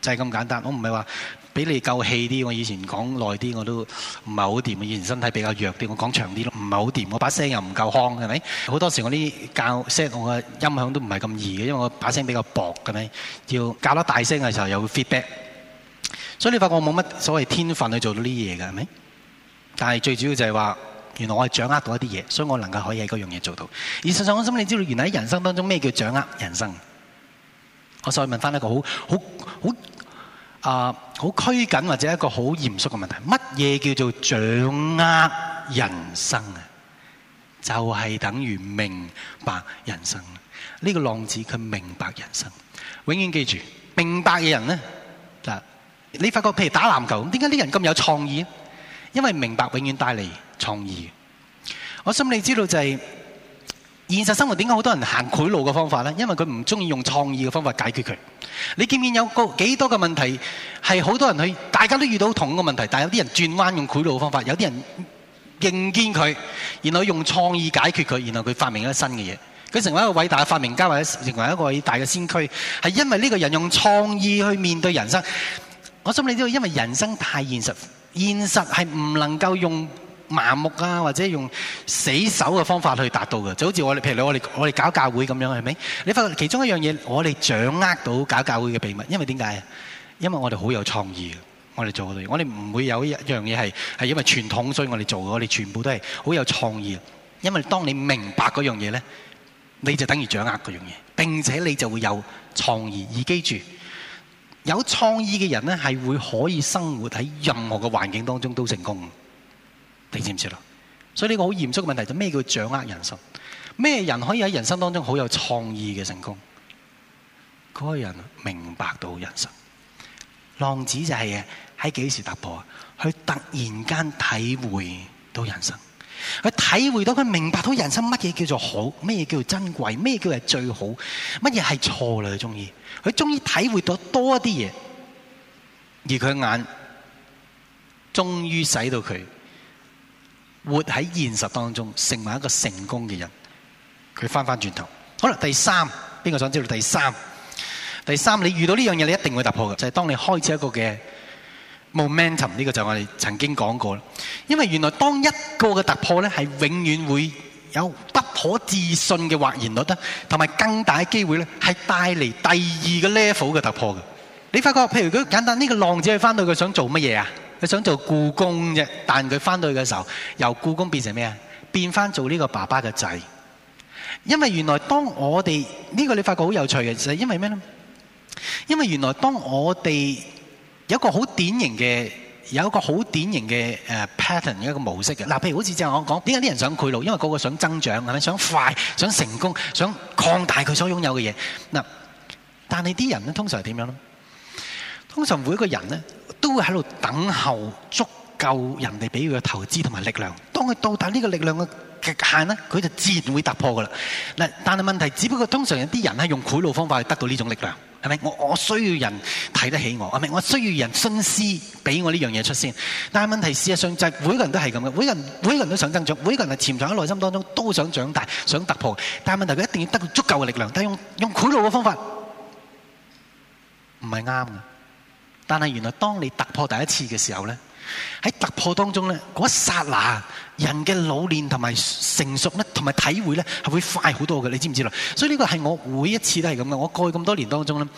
就係、是、咁簡單。我唔係話比你夠氣啲，我以前講耐啲我都唔係好掂。我以前身體比較弱啲，我講長啲咯，唔係好掂。我把聲又唔夠腔，係咪？好多時我啲教聲，我嘅音響都唔係咁易嘅，因為我把聲比較薄，係咪？要教得大聲嘅時候有 feedback。所以你發覺我冇乜所謂天分去做到呢啲嘢嘅，係咪？但係最主要就係話。原來我係掌握到一啲嘢，所以我能夠可以喺嗰樣嘢做到。而實上我心，你知道原來喺人生當中咩叫掌握人生？我再問翻一個好好好啊，好、呃、拘謹或者一個好嚴肅嘅問題：乜嘢叫做掌握人生啊？就係、是、等於明白人生。呢、這個浪子佢明白人生。永遠記住，明白嘅人咧，啊，你發覺譬如打籃球，點解啲人咁有創意？因為明白永遠帶嚟創意，我心裏知道就係現實生活點解好多人行賄賂嘅方法呢？因為佢唔鍾意用創意嘅方法解決佢。你見唔見有幾多個問題係好多人去，大家都遇到同一個問題，但有啲人轉彎用賄賂嘅方法，有啲人認見佢，然後用創意解決佢，然後佢發明咗新嘅嘢，佢成為一個偉大嘅發明家或者成為一個偉大嘅先驅，係因為呢個人用創意去面對人生。我心裏知道，因為人生太現實。現實係唔能夠用麻木啊，或者用死守嘅方法去達到嘅，就好似我哋，譬如我哋我哋搞教會咁樣，係咪？你發覺其中一樣嘢，我哋掌握到搞教會嘅秘密，因為點解？因為我哋好有創意嘅，我哋做嗰啲，我哋唔會有一樣嘢係係因為傳統所以我哋做嘅，我哋全部都係好有創意。因為當你明白嗰樣嘢呢，你就等於掌握嗰樣嘢，並且你就會有創意而記住。有創意嘅人咧，係會可以生活喺任何嘅環境當中都成功的。你知唔知啦？所以呢個好嚴肅嘅問題就咩叫掌握人生？咩人可以喺人生當中好有創意嘅成功？嗰個人明白到人生。浪子就係喺幾時突破，佢突然間體會到人生。佢體會到，佢明白到人生乜嘢叫做好，乜嘢叫，叫做珍貴，咩嘢叫係最好，乜嘢係錯嘞？佢中意，佢終於體會到多啲嘢，而佢眼終於使到佢活喺現實當中，成為一個成功嘅人。佢翻翻轉頭，好啦，第三邊個想知道第三？第三你遇到呢樣嘢，你一定會突破嘅，就係當你開始一個嘅。Momentum 呢個就係我哋曾經講過啦，因為原來當一個嘅突破咧，係永遠會有不可置信嘅或然率啦，同埋更大嘅機會咧，係帶嚟第二個 level 嘅突破嘅。你發覺譬如如果簡單呢、呢個浪子回去翻到去佢想做乜嘢啊？佢想做故宮啫，但佢翻到去嘅時候，由故宮變成咩啊？變翻做呢個爸爸嘅仔。因為原來當我哋呢、呢個你發覺好有趣嘅，就係、是、因為咩咧？因為原來當我哋。有一個好典型嘅，有一個好典型嘅誒 pattern，一個模式嘅。嗱，譬如好似正我講，點解啲人想賄賂？因為個個想增長，係咪？想快，想成功，想擴大佢所擁有嘅嘢。嗱，但係啲人咧通常係點樣咧？通常每個人咧都會喺度等候足夠人哋俾佢嘅投資同埋力量。當佢到達呢個力量嘅極限咧，佢就自然會突破噶啦。嗱，但係問題是只不過通常有啲人係用賄賂方法去得到呢種力量。係咪？我我需要人睇得起我，係咪？我需要人徇私俾我呢樣嘢出先。但係問題事實上就係每個人都係咁嘅，每個人每一個人都想增長，每個人係潛藏喺內心當中都想長大、想突破。但係問題佢一定要得到足夠嘅力量，但係用用賄賂嘅方法唔係啱嘅。但係原來當你突破第一次嘅時候咧，喺突破當中咧嗰一剎那。人嘅老練同埋成熟咧，同埋體會咧，係會快好多嘅。你知唔知道？所以呢個係我每一次都係咁嘅。我過去咁多年當中咧，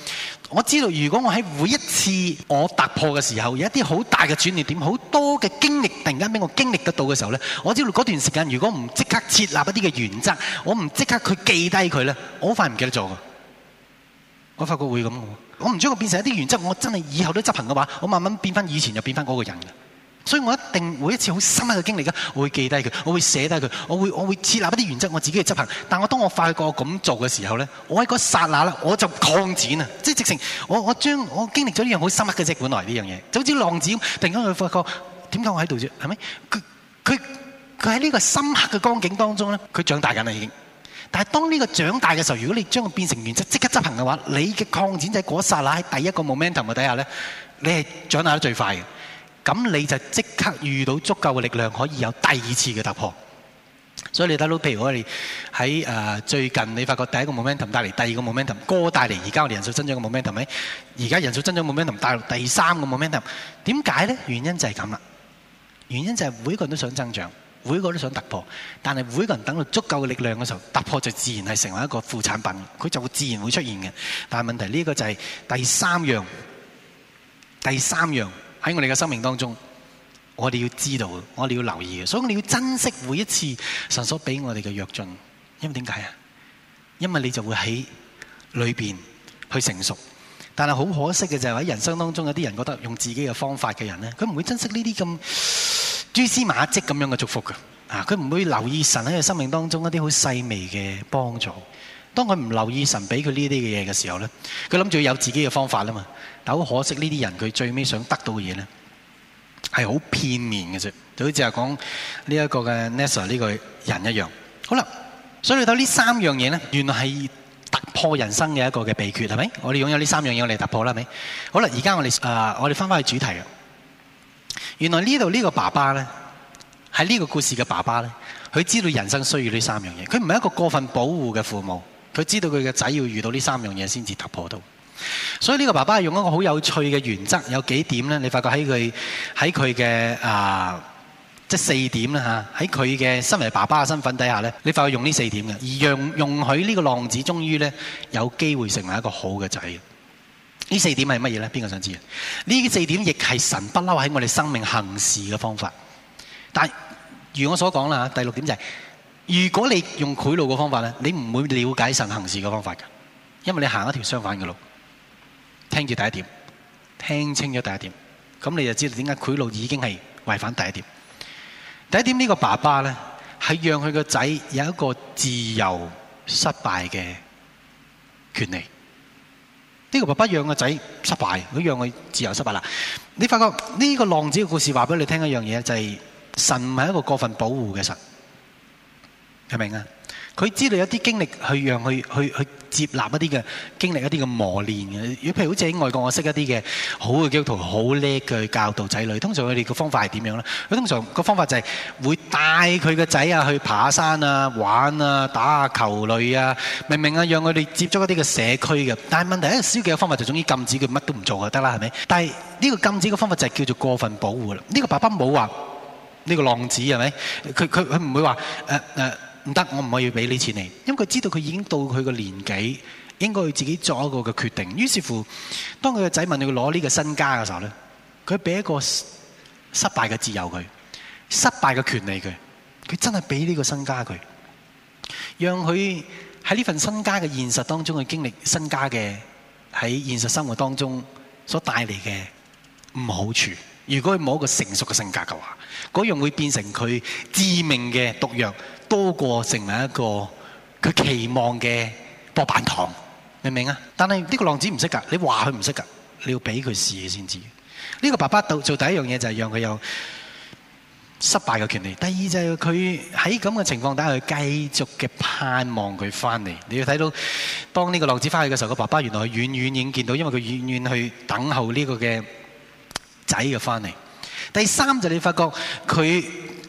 我知道如果我喺每一次我突破嘅時候，有一啲好大嘅轉捩點，好多嘅經歷，突然間俾我經歷得到嘅時候咧，我知道嗰段時間如果唔即刻設立一啲嘅原則，我唔即刻去記低佢咧，我好快唔記得咗嘅。我發覺會咁。我唔將佢變成一啲原則，我真係以後都執行嘅話，我慢慢變翻以前就變翻嗰個人。所以我一定每一次好深刻嘅經歷，噶，我會記低佢，我會寫低佢，我會我會設立一啲原則，我自己去執行。但我當我發覺我咁做嘅時候咧，我喺嗰剎那啦，我就擴展啊，即係直情我我將我經歷咗呢樣好深刻嘅即，本來呢樣嘢，就好似浪子咁，突然間佢發覺點解我喺度啫？係咪？佢佢佢喺呢個深刻嘅光景當中咧，佢長大緊啦已經。但係當呢個長大嘅時候，如果你將佢變成原則，即刻執行嘅話，你嘅擴展就喺嗰剎那喺第一個 momentum 底下咧，你係長大得最快嘅。咁你就即刻遇到足夠嘅力量，可以有第二次嘅突破。所以你睇到，譬如我哋喺誒最近，你發覺第一個 momentum 帶嚟，第二個 momentum 哥帶嚟，而家我哋人數增長嘅 momentum，而家人數增長 momentum 帶嚟第三個 momentum。點解咧？原因就係咁啦。原因就係每個人都想增長，每個都想突破，但係每個人等到足夠嘅力量嘅時候，突破就自然係成為一個副產品，佢就自然會出現嘅。但係問題呢個就係第三樣，第三樣。喺我哋嘅生命當中，我哋要知道，我哋要留意，所以你要珍惜每一次神所俾我哋嘅躍進，因為點解啊？因為你就會喺裏邊去成熟，但係好可惜嘅就係喺人生當中有啲人覺得用自己嘅方法嘅人咧，佢唔會珍惜呢啲咁蛛絲馬跡咁樣嘅祝福嘅，啊，佢唔會留意神喺佢生命當中一啲好細微嘅幫助。當佢唔留意神俾佢呢啲嘅嘢嘅時候咧，佢諗住有自己嘅方法啦嘛。但好可惜，呢啲人佢最尾想得到嘅嘢咧，係好片面嘅啫。就好似係講呢一個嘅 Nessar 呢個人一樣。好啦，所以到呢三樣嘢咧，原來係突破人生嘅一個嘅秘訣係咪？我哋擁有呢三樣嘢我哋突破啦，係咪？好啦，而家我哋啊、呃，我哋翻返去主題啊。原來呢度呢個爸爸咧，喺呢個故事嘅爸爸咧，佢知道人生需要呢三樣嘢。佢唔係一個過分保護嘅父母，佢知道佢嘅仔要遇到呢三樣嘢先至突破到。所以呢個爸爸係用一個好有趣嘅原則，有幾點呢？你發覺喺佢喺佢嘅啊，即係四點咧吓，喺佢嘅身為爸爸嘅身份底下呢，你發覺用呢四點嘅，而讓容，容許呢個浪子終於呢，有機會成為一個好嘅仔。呢四點係乜嘢呢？邊個想知？呢四點亦係神不嬲喺我哋生命行事嘅方法。但係如我所講啦吓，第六點就係、是、如果你用賄賂嘅方法呢，你唔會了解神行事嘅方法嘅，因為你行一條相反嘅路。聽住第一點，聽清咗第一點，咁你就知道點解賄賂已經係違反第一點。第一點呢個爸爸呢，係讓佢個仔有一個自由失敗嘅權利。呢個爸爸讓個仔失敗，如果讓佢自由失敗啦。你發覺呢個浪子嘅故事話俾你聽一樣嘢，就係、是、神唔係一個過分保護嘅神，明唔明啊？佢知道有啲經歷去讓佢去去接納一啲嘅經歷，一啲嘅磨練嘅。如果譬如好似喺外國，我識一啲嘅好嘅基督徒，好叻嘅教導仔女。通常佢哋嘅方法係點樣咧？佢通常個方法就係會帶佢個仔啊去爬山啊、玩啊、打下球類啊、明明啊，讓佢哋接觸一啲嘅社區嘅。但係問題咧，消極嘅方法就總之禁止佢乜都唔做就得啦，係咪？但係呢個禁止嘅方法就係叫做過分保護啦。呢個爸爸冇話呢個浪子係咪？佢佢佢唔會話誒誒。唔得，我唔可以俾呢錢你，因為佢知道佢已經到佢個年紀，應該要自己做一個嘅決定。於是乎，當佢個仔問佢攞呢個身家嘅時候咧，佢俾一個失敗嘅自由佢，失敗嘅權利佢，佢真係俾呢個身家佢，讓佢喺呢份身家嘅現實當中去經歷身家嘅喺現實生活當中所帶嚟嘅唔好處。如果佢冇一個成熟嘅性格嘅話，嗰樣會變成佢致命嘅毒藥。多過成為一個佢期望嘅波板糖，明唔明啊？但係呢個浪子唔識㗎，你話佢唔識㗎，你要俾佢試先知。呢個爸爸做做第一樣嘢就係讓佢有失敗嘅權利，第二就係佢喺咁嘅情況底下，佢繼續嘅盼望佢翻嚟。你要睇到當呢個浪子翻去嘅時候，個爸爸原來遠遠已經見到，因為佢遠遠去等候呢個嘅仔嘅翻嚟。第三就你發覺佢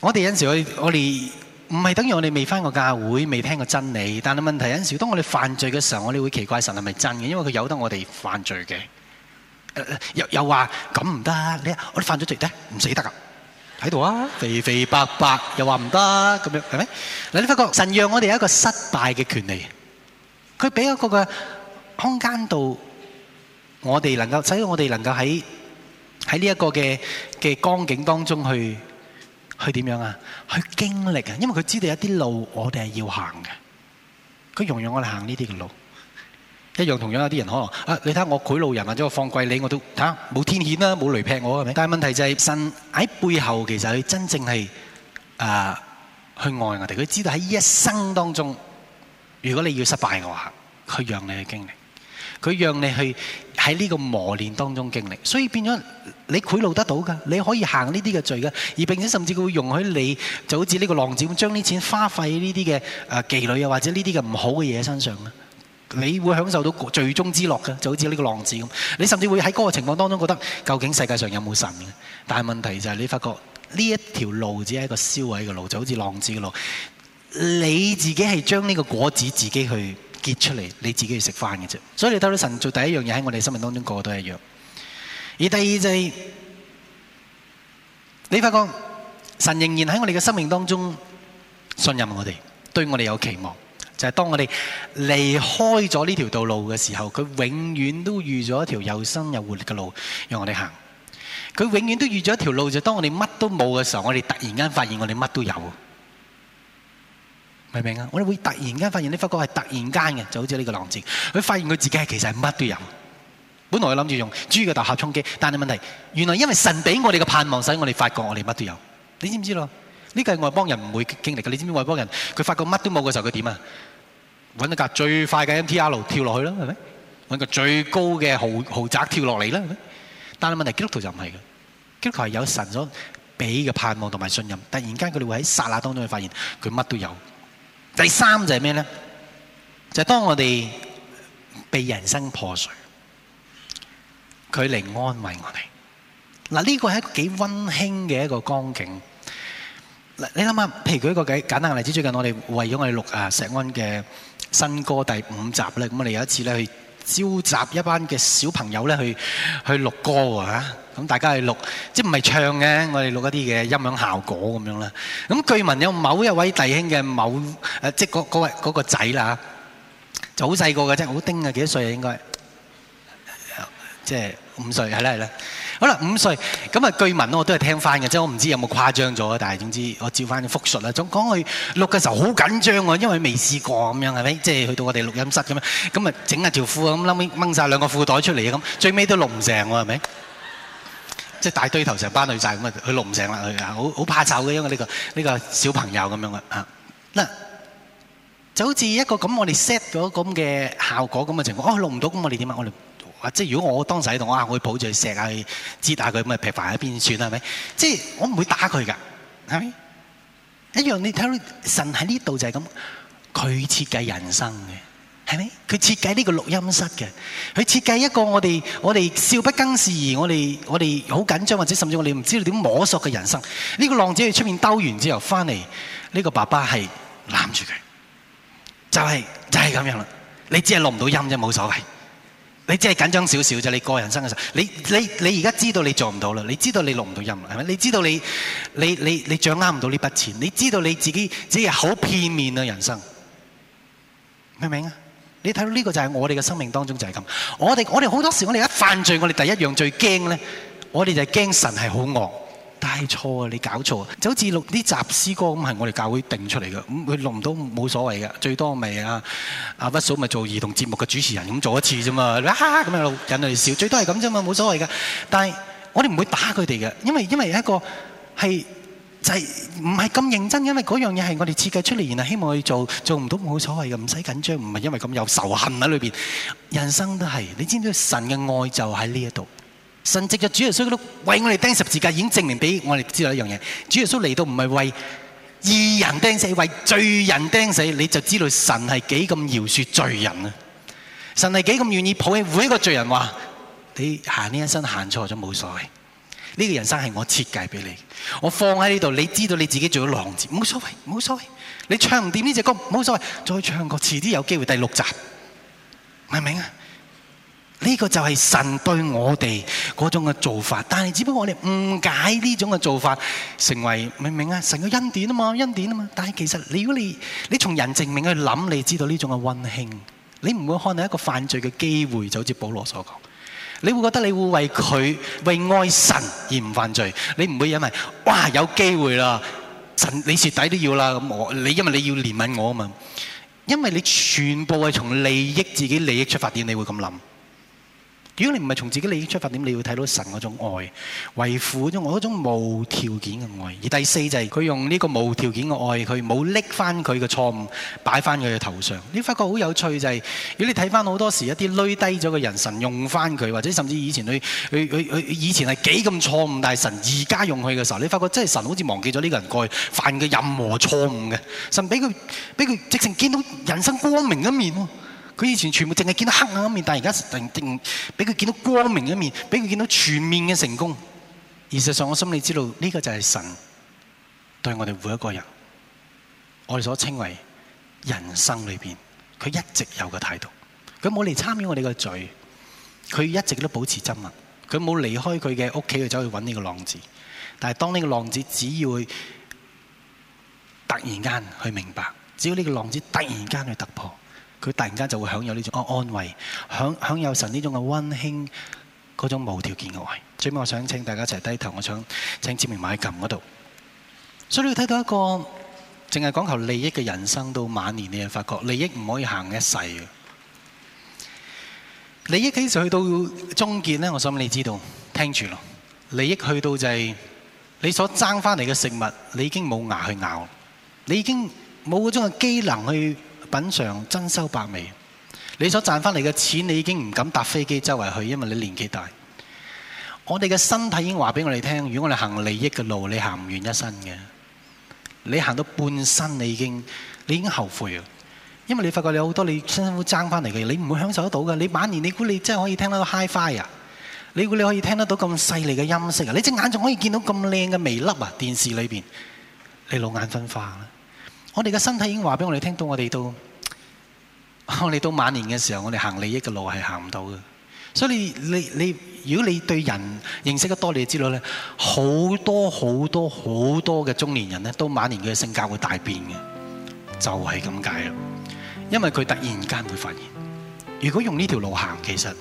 我哋有陣時，我我哋唔係等於我哋未返過教會，未聽過真理。但係問題有陣時，當我哋犯罪嘅時候，我哋會奇怪神係咪真嘅？因為佢由得我哋犯罪嘅，又又話咁唔得，你我哋犯咗罪得唔死得啊？喺度啊，肥肥白白，又話唔得咁樣，係咪？嗱，你發覺神讓我哋有一個失敗嘅權利，佢俾一個嘅空間度我哋能夠，使我哋能夠喺喺呢一個嘅嘅光景當中去。去點樣啊？去經歷啊！因為佢知道有啲路我哋係要行嘅，佢容讓我哋行呢啲嘅路，一樣同樣有啲人可能。啊，你睇下我賄賂人或者我放貴你，我都睇下冇天譴啦，冇雷劈我係咪？但係問題就係神喺背後其實佢真正係啊去愛我哋，佢知道喺呢一生當中，如果你要失敗嘅話，佢讓你去經歷，佢讓你去。喺呢個磨練當中經歷，所以變咗你賄賂得到㗎，你可以行呢啲嘅罪㗎，而並且甚至佢會容許你就好似呢個浪子咁，將啲錢花費喺呢啲嘅誒妓女啊，或者呢啲嘅唔好嘅嘢身上咧，你會享受到最終之樂㗎，就好似呢個浪子咁，你甚至會喺嗰個情況當中覺得究竟世界上有冇神嘅？但係問題就係你發覺呢一條路只係一個燒毀嘅路，就好似浪子嘅路，你自己係將呢個果子自己去結出嚟，你自己要食翻嘅啫。所以你睇到神做第一樣嘢喺我哋生命當中，個個都一樣。而第二就係，你發覺神仍然喺我哋嘅生命當中信任我哋，對我哋有期望。就係當我哋離開咗呢條道路嘅時候，佢永遠都預咗一條又新又活力嘅路讓我哋行。佢永遠都預咗一條路，就當我哋乜都冇嘅時候，我哋突然間發現我哋乜都有。明唔明啊？我哋會突然間發現，你發覺係突然間嘅，就好似呢個浪子，佢發現佢自己係其實係乜都有。本來佢諗住用豬嘅頭殼衝擊，但係問題，原來因為神俾我哋嘅盼望，使我哋發覺我哋乜都有。你知唔知咯？呢個係外邦人唔會經歷嘅。你知唔知外邦人？佢發覺乜都冇嘅時候，佢點啊？揾一架最快嘅 MTR 跳落去啦，係咪？揾個最高嘅豪豪宅跳落嚟啦，係咪？但係問題，基督徒就唔係嘅。基督徒係有神所俾嘅盼望同埋信任，突然間佢哋會喺剎那當中去發現佢乜都有。第三就係咩呢？就係當我哋被人生破碎，佢嚟安慰我哋。嗱，呢個係一個幾溫馨嘅一個光景。嗱，你諗下，譬如舉一個舉簡單嘅例子，最近我哋為咗我哋錄啊石安嘅新歌第五集呢，咁我哋有一次呢，去召集一班嘅小朋友呢，去去錄歌啊。咁大家去錄，即係唔係唱嘅，我哋錄一啲嘅音響效果咁樣啦。咁據聞有某一位弟兄嘅某誒，即係嗰嗰位嗰個仔啦嚇，就好細個嘅啫，好丁啊，幾多歲啊應該？即係五歲係啦係啦。好啦，五歲咁啊，據聞我都係聽翻嘅，即係我唔知有冇誇張咗，但係總之我照翻復述啦。總講佢錄嘅時候好緊張喎，因為未試過咁樣係咪？即係去到我哋錄音室咁樣，咁啊整下條褲啊，咁後尾掹曬兩個褲袋出嚟啊，咁最尾都錄唔成喎係咪？即係大堆頭成班女仔咁啊，佢錄唔成啦，佢好好怕醜嘅，因為呢個呢個小朋友咁樣嘅啊嗱，就好似一個咁我哋 set 咗咁嘅效果咁嘅情況，哦錄唔到咁我哋點啊？我哋即係如果我當時喺度，我啊，我會抱住佢去錫下佢，咁咪劈翻喺邊算係咪？即係我唔會打佢㗎，係咪一樣？你睇到神喺呢度就係咁，佢設計人生嘅。係咪？佢設計呢個錄音室嘅，佢設計一個我哋我哋少不更事，而我哋我哋好緊張，或者甚至我哋唔知道點摸索嘅人生。呢、這個浪子去出面兜完之後，翻嚟呢個爸爸係攬住佢，就係、是、就係、是、咁樣啦。你只係錄唔到音啫，冇所謂。你只係緊張少少啫。你過人生嘅時候，你你你而家知道你做唔到啦，你知道你錄唔到音啦，係咪？你知道你你你你掌握唔到呢筆錢，你知道你自己只係好片面嘅人生，明唔明啊？你睇到呢個就係我哋嘅生命當中就係咁，我哋我哋好多時我哋一犯罪，我哋第一樣最驚咧，我哋就係驚神係好惡。但係錯啊，你搞錯啊，就好似錄啲集詩歌咁，係我哋教會定出嚟嘅，咁佢錄唔到冇所謂嘅，最多咪阿阿屈嫂咪做兒童節目嘅主持人咁做一次啫嘛，哇咁樣引嚟笑，最多係咁啫嘛，冇所謂嘅。但係我哋唔會打佢哋嘅，因為因為一個係。就係唔係咁認真，因為嗰樣嘢係我哋設計出嚟，然後希望去做，做唔到冇所謂嘅，唔使緊張，唔係因為咁有仇恨喺裏邊。人生都係，你知唔知道神嘅愛就喺呢一度。神藉著主耶穌基督為我哋釘十字架，已經證明俾我哋知道一樣嘢：主耶穌嚟到唔係為義人釘死，為罪人釘死。你就知道神係幾咁饒恕罪人啊！神係幾咁願意抱起每一個罪人話：你行呢一生行錯咗冇所謂，呢、這個人生係我設計俾你。我放喺呢度，你知道你自己做咗浪子，冇所謂，冇所謂。你唱唔掂呢隻歌，冇所謂，再唱過，遲啲有機會第六集，明唔明啊？呢個就係神對我哋嗰種嘅做法，但係只不過我哋誤解呢種嘅做法，成為明唔明啊？成個恩典啊嘛，恩典啊嘛。但係其實如果你你從人情面去諗，你知道呢種嘅溫馨，你唔會看到一個犯罪嘅機會，就好似保羅所講。你會覺得你會為佢為愛神而唔犯罪，你唔會因為哇，有機會啦，神你蝕底都要啦，我，你因為你要憐憫我啊嘛，因為你全部係從利益自己利益出發點，你會咁諗。如果你唔係從自己利益出發點，你要睇到神嗰種愛、為父嗰種，我嗰種無條件嘅愛。而第四就係、是、佢用呢個無條件嘅愛，佢冇拎翻佢嘅錯誤擺翻佢嘅頭上。你發覺好有趣就係、是，如果你睇翻好多時一啲累低咗嘅人，神用翻佢，或者甚至以前佢佢佢以前係幾咁錯誤，但係神而家用佢嘅時候，你發覺真係神好似忘記咗呢個人過去犯嘅任何錯誤嘅，神俾佢俾佢直情見到人生光明一面喎。佢以前全部淨係見到黑暗一面，但係而家突然俾佢見到光明一面，俾佢見到全面嘅成功。而事實上，我心裏知道呢、呢個就係神對我哋每一個人，我哋所稱為人生裏面，佢一直有個態度。佢冇嚟參與我哋嘅罪，佢一直都保持沉默。佢冇離開佢嘅屋企去走去揾呢個浪子。但係當呢個浪子只要佢突然間去明白，只要呢個浪子突然間去突破。佢突然間就會享有呢種安慰，享享有神呢種嘅溫馨，嗰種無條件嘅愛。最尾我想請大家一齊低頭，我想請志明埋喺琴嗰度。所以你睇到一個淨係講求利益嘅人生到晚年，你就發覺利益唔可以行一世。利益其實去到終結呢，我想你知道，聽住咯。利益去到就係你所爭返嚟嘅食物，你已經冇牙去咬，你已經冇嗰種嘅機能去。品嘗珍饈百味，你所賺翻嚟嘅錢，你已經唔敢搭飛機周圍去，因為你年紀大。我哋嘅身體已經話俾我哋聽，如果我哋行利益嘅路，你行唔完一生嘅。你行到半生，你已經你已經後悔啊！因為你發覺你好多你辛辛苦爭翻嚟嘅嘢，你唔會享受得到㗎。你晚年，你估你真係可以聽得到 Hi-Fi 啊？你估你可以聽得到咁細膩嘅音色啊？你隻眼仲可以見到咁靚嘅微粒啊？電視裏邊，你老眼昏花。啦。我哋嘅身體已經話俾我哋聽到，到，我哋到我哋到晚年嘅時候，我哋行利益嘅路係行唔到嘅。所以你你你，如果你對人認識得多，你就知道咧，好多好多好多嘅中年人咧，到晚年嘅性格會大變嘅，就係咁解啦。因為佢突然間會發現，如果用呢條路行，其實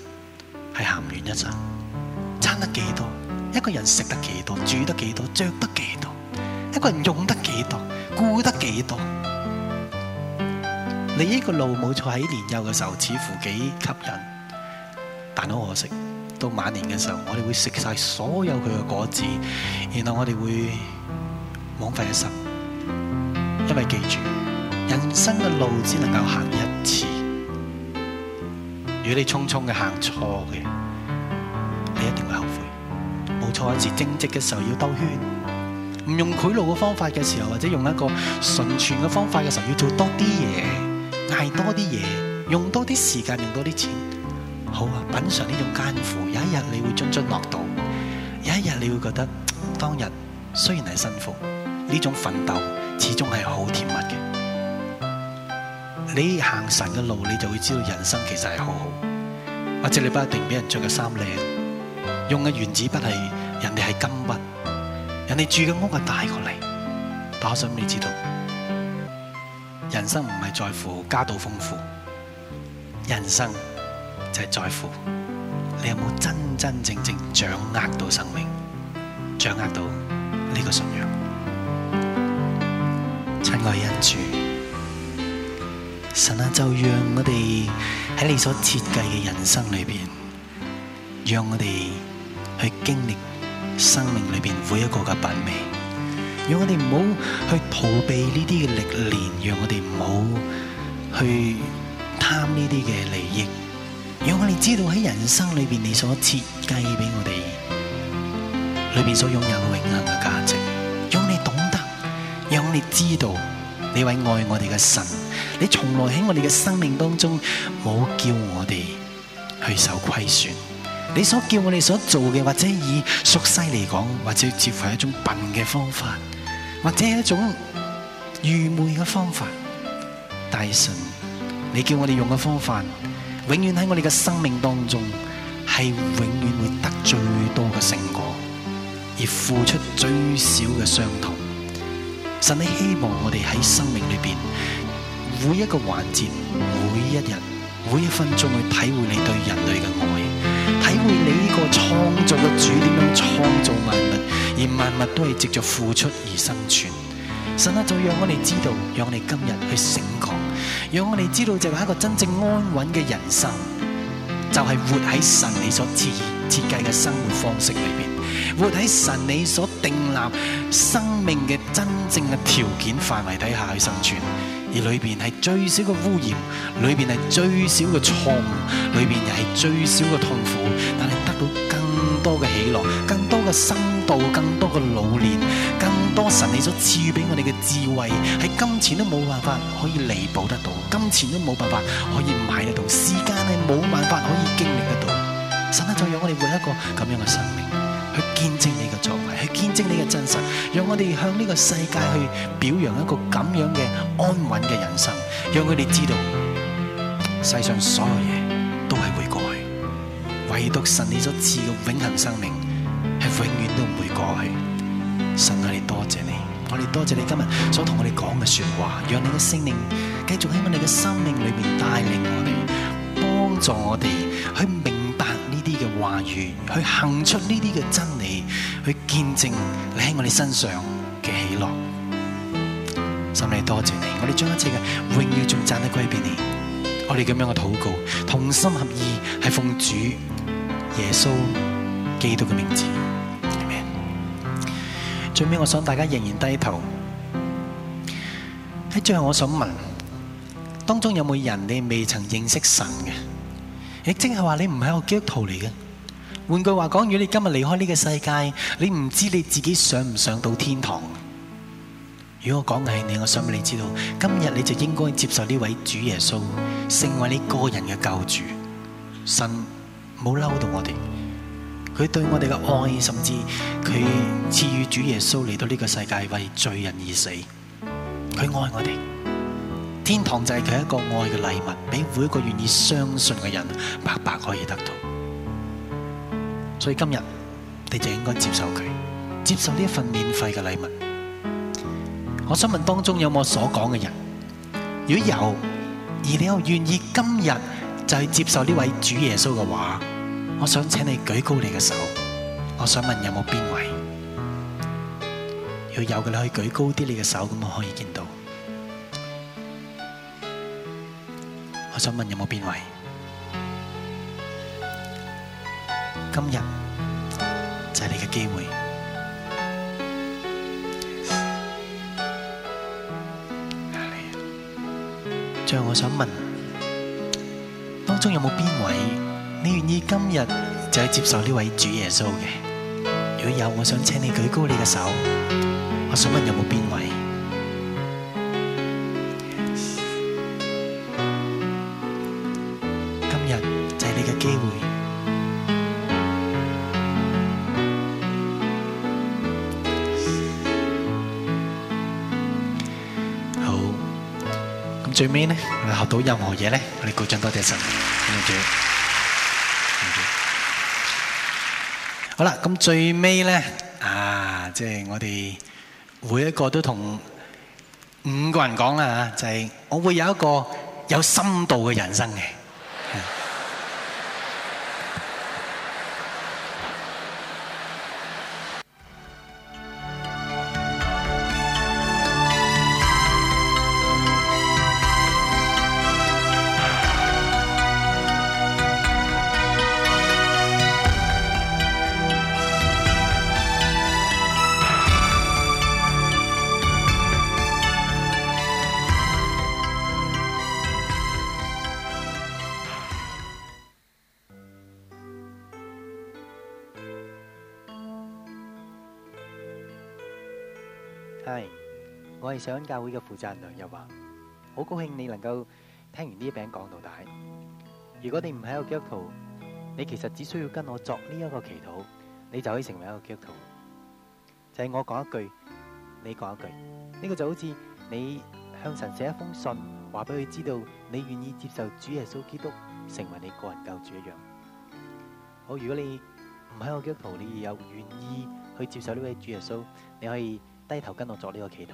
係行唔完一陣。差得幾多，多？一個人食得幾多，多？住得幾多，多？着得幾多，多？一個人用得幾多，多，顧得幾多，多？你呢個路冇錯，喺年幼嘅時候，似乎幾吸引，但好可惜，到晚年嘅時候，我哋會食晒所有佢嘅果子，然後我哋會枉費一生。因為記住，人生嘅路只能夠行一次。如果你匆匆嘅行錯嘅，你一定會後悔。冇錯，有時正直嘅時候要兜圈。唔用賄賂嘅方法嘅時候，或者用一個純全嘅方法嘅時候，要做多啲嘢，捱多啲嘢，用多啲時間，用多啲錢，好啊！品嘗呢種艱苦，有一日你會津津樂道，有一日你會覺得當日雖然係辛苦，呢種奮鬥始終係好甜蜜嘅。你行神嘅路，你就會知道人生其實係好好，或者你不一定比人着嘅衫靚，用嘅原子筆係人哋係金筆。人哋住嘅屋係大過你，但係我想你知道，人生唔係在乎家道豐富，人生就係在乎你有冇真真正正掌握到生命，掌握到呢個信仰。親愛恩主，神啊，就讓我哋喺你所設計嘅人生裏邊，讓我哋去經歷。生命裏邊每一個嘅品味，讓我哋唔好去逃避呢啲嘅歷練，讓我哋唔好去貪呢啲嘅利益，讓我哋知道喺人生裏邊你所設計俾我哋裏邊所擁有嘅永恆嘅價值，讓你懂得，讓你知道你為愛我哋嘅神，你從來喺我哋嘅生命當中冇叫我哋去受虧損。你所叫我哋所做嘅，或者以熟悉嚟講，或者似乎係一種笨嘅方法，或者係一種愚昧嘅方法。但神，你叫我哋用嘅方法，永遠喺我哋嘅生命當中，係永遠會得最多嘅成果，而付出最少嘅傷痛。神，你希望我哋喺生命裏邊，每一個環節、每一日、每一分鐘去體會你對人類嘅愛。你呢個創造嘅主點樣創造萬物，而萬物都係藉着付出而生存。神啊，就讓我哋知道，讓我哋今日去醒覺，讓我哋知道就係一個真正安穩嘅人生，就係、是、活喺神你所設計設計嘅生活方式裏邊，活喺神你所定立生命嘅真正嘅條件範圍底下，去生存。而裏邊係最少嘅污染，裏邊係最少嘅錯誤，裏邊又係最少嘅痛苦，但係得到更多嘅喜樂，更多嘅深度，更多嘅老練，更多神你所賜予俾我哋嘅智慧，喺金錢都冇辦法可以彌補得到，金錢都冇辦法可以買得到，時間係冇辦法可以經歷得到，神啊，再讓我哋活一個咁樣嘅生命。去見證你嘅作為，去見證你嘅真實，讓我哋向呢個世界去表揚一個咁樣嘅安穩嘅人生，讓佢哋知道世上所有嘢都係會過去，唯獨神你所賜嘅永恆生命係永遠都唔會過去。神啊，你多謝，謝你，我哋多謝，謝你今日所同我哋講嘅說的話，讓你嘅聖靈繼續喺我哋嘅生命裏邊帶領我哋，幫助我哋去明。話語去行出呢啲嘅真理，去見證你喺我哋身上嘅喜樂。心裏多謝你，我哋將一切嘅榮耀仲讚得歸俾你。我哋咁樣嘅禱告，同心合意係奉主耶穌基督嘅名字。最尾，我想大家仍然低頭。喺最後，我想問：當中有冇人你未曾認識神嘅？亦即係話你唔係一個基督徒嚟嘅？換句話講，如果你今日離開呢個世界，你唔知你自己上唔上到天堂。如果我講嘅係你，我想俾你知道，今日你就應該接受呢位主耶穌成為你個人嘅救主。神冇嬲到我哋，佢對我哋嘅愛，甚至佢賜予主耶穌嚟到呢個世界為罪人而死。佢愛我哋，天堂就係佢一個愛嘅禮物，俾每一個願意相信嘅人白白可以得到。所以今日你就應該接受佢，接受呢份免費嘅禮物。我想問當中有冇我所講嘅人？如果有，而你又願意今日就係接受呢位主耶穌嘅話，我想請你舉高你嘅手。我想問有冇邊位？要有嘅你可以舉高啲你嘅手，咁我可以見到。我想問有冇邊位？今日就係你嘅機會。最後我想問，當中有冇邊位你願意今日就係接受呢位主耶穌嘅？如果有，我想請你舉高你嘅手。我想問有冇邊位？最尾呢？我哋學到任何嘢，呢，我哋鼓掌多謝神。好啦，咁最尾呢啊，即係我哋每一個都同五個人講啦吓，就係我會有一個有深度嘅人生嘅。嘅負責任又話好高興你能夠聽完呢一篇講道。但如果你唔係個基督徒，你其實只需要跟我作呢一個祈禱，你就可以成為一個基督徒。就係我講一句，你講一句，呢個就好似你向神寫一封信，話俾佢知道你願意接受主耶穌基督成為你個人救主一樣。好，如果你唔係個基督徒，你有願意去接受呢位主耶穌，你可以低頭跟我作呢個祈禱。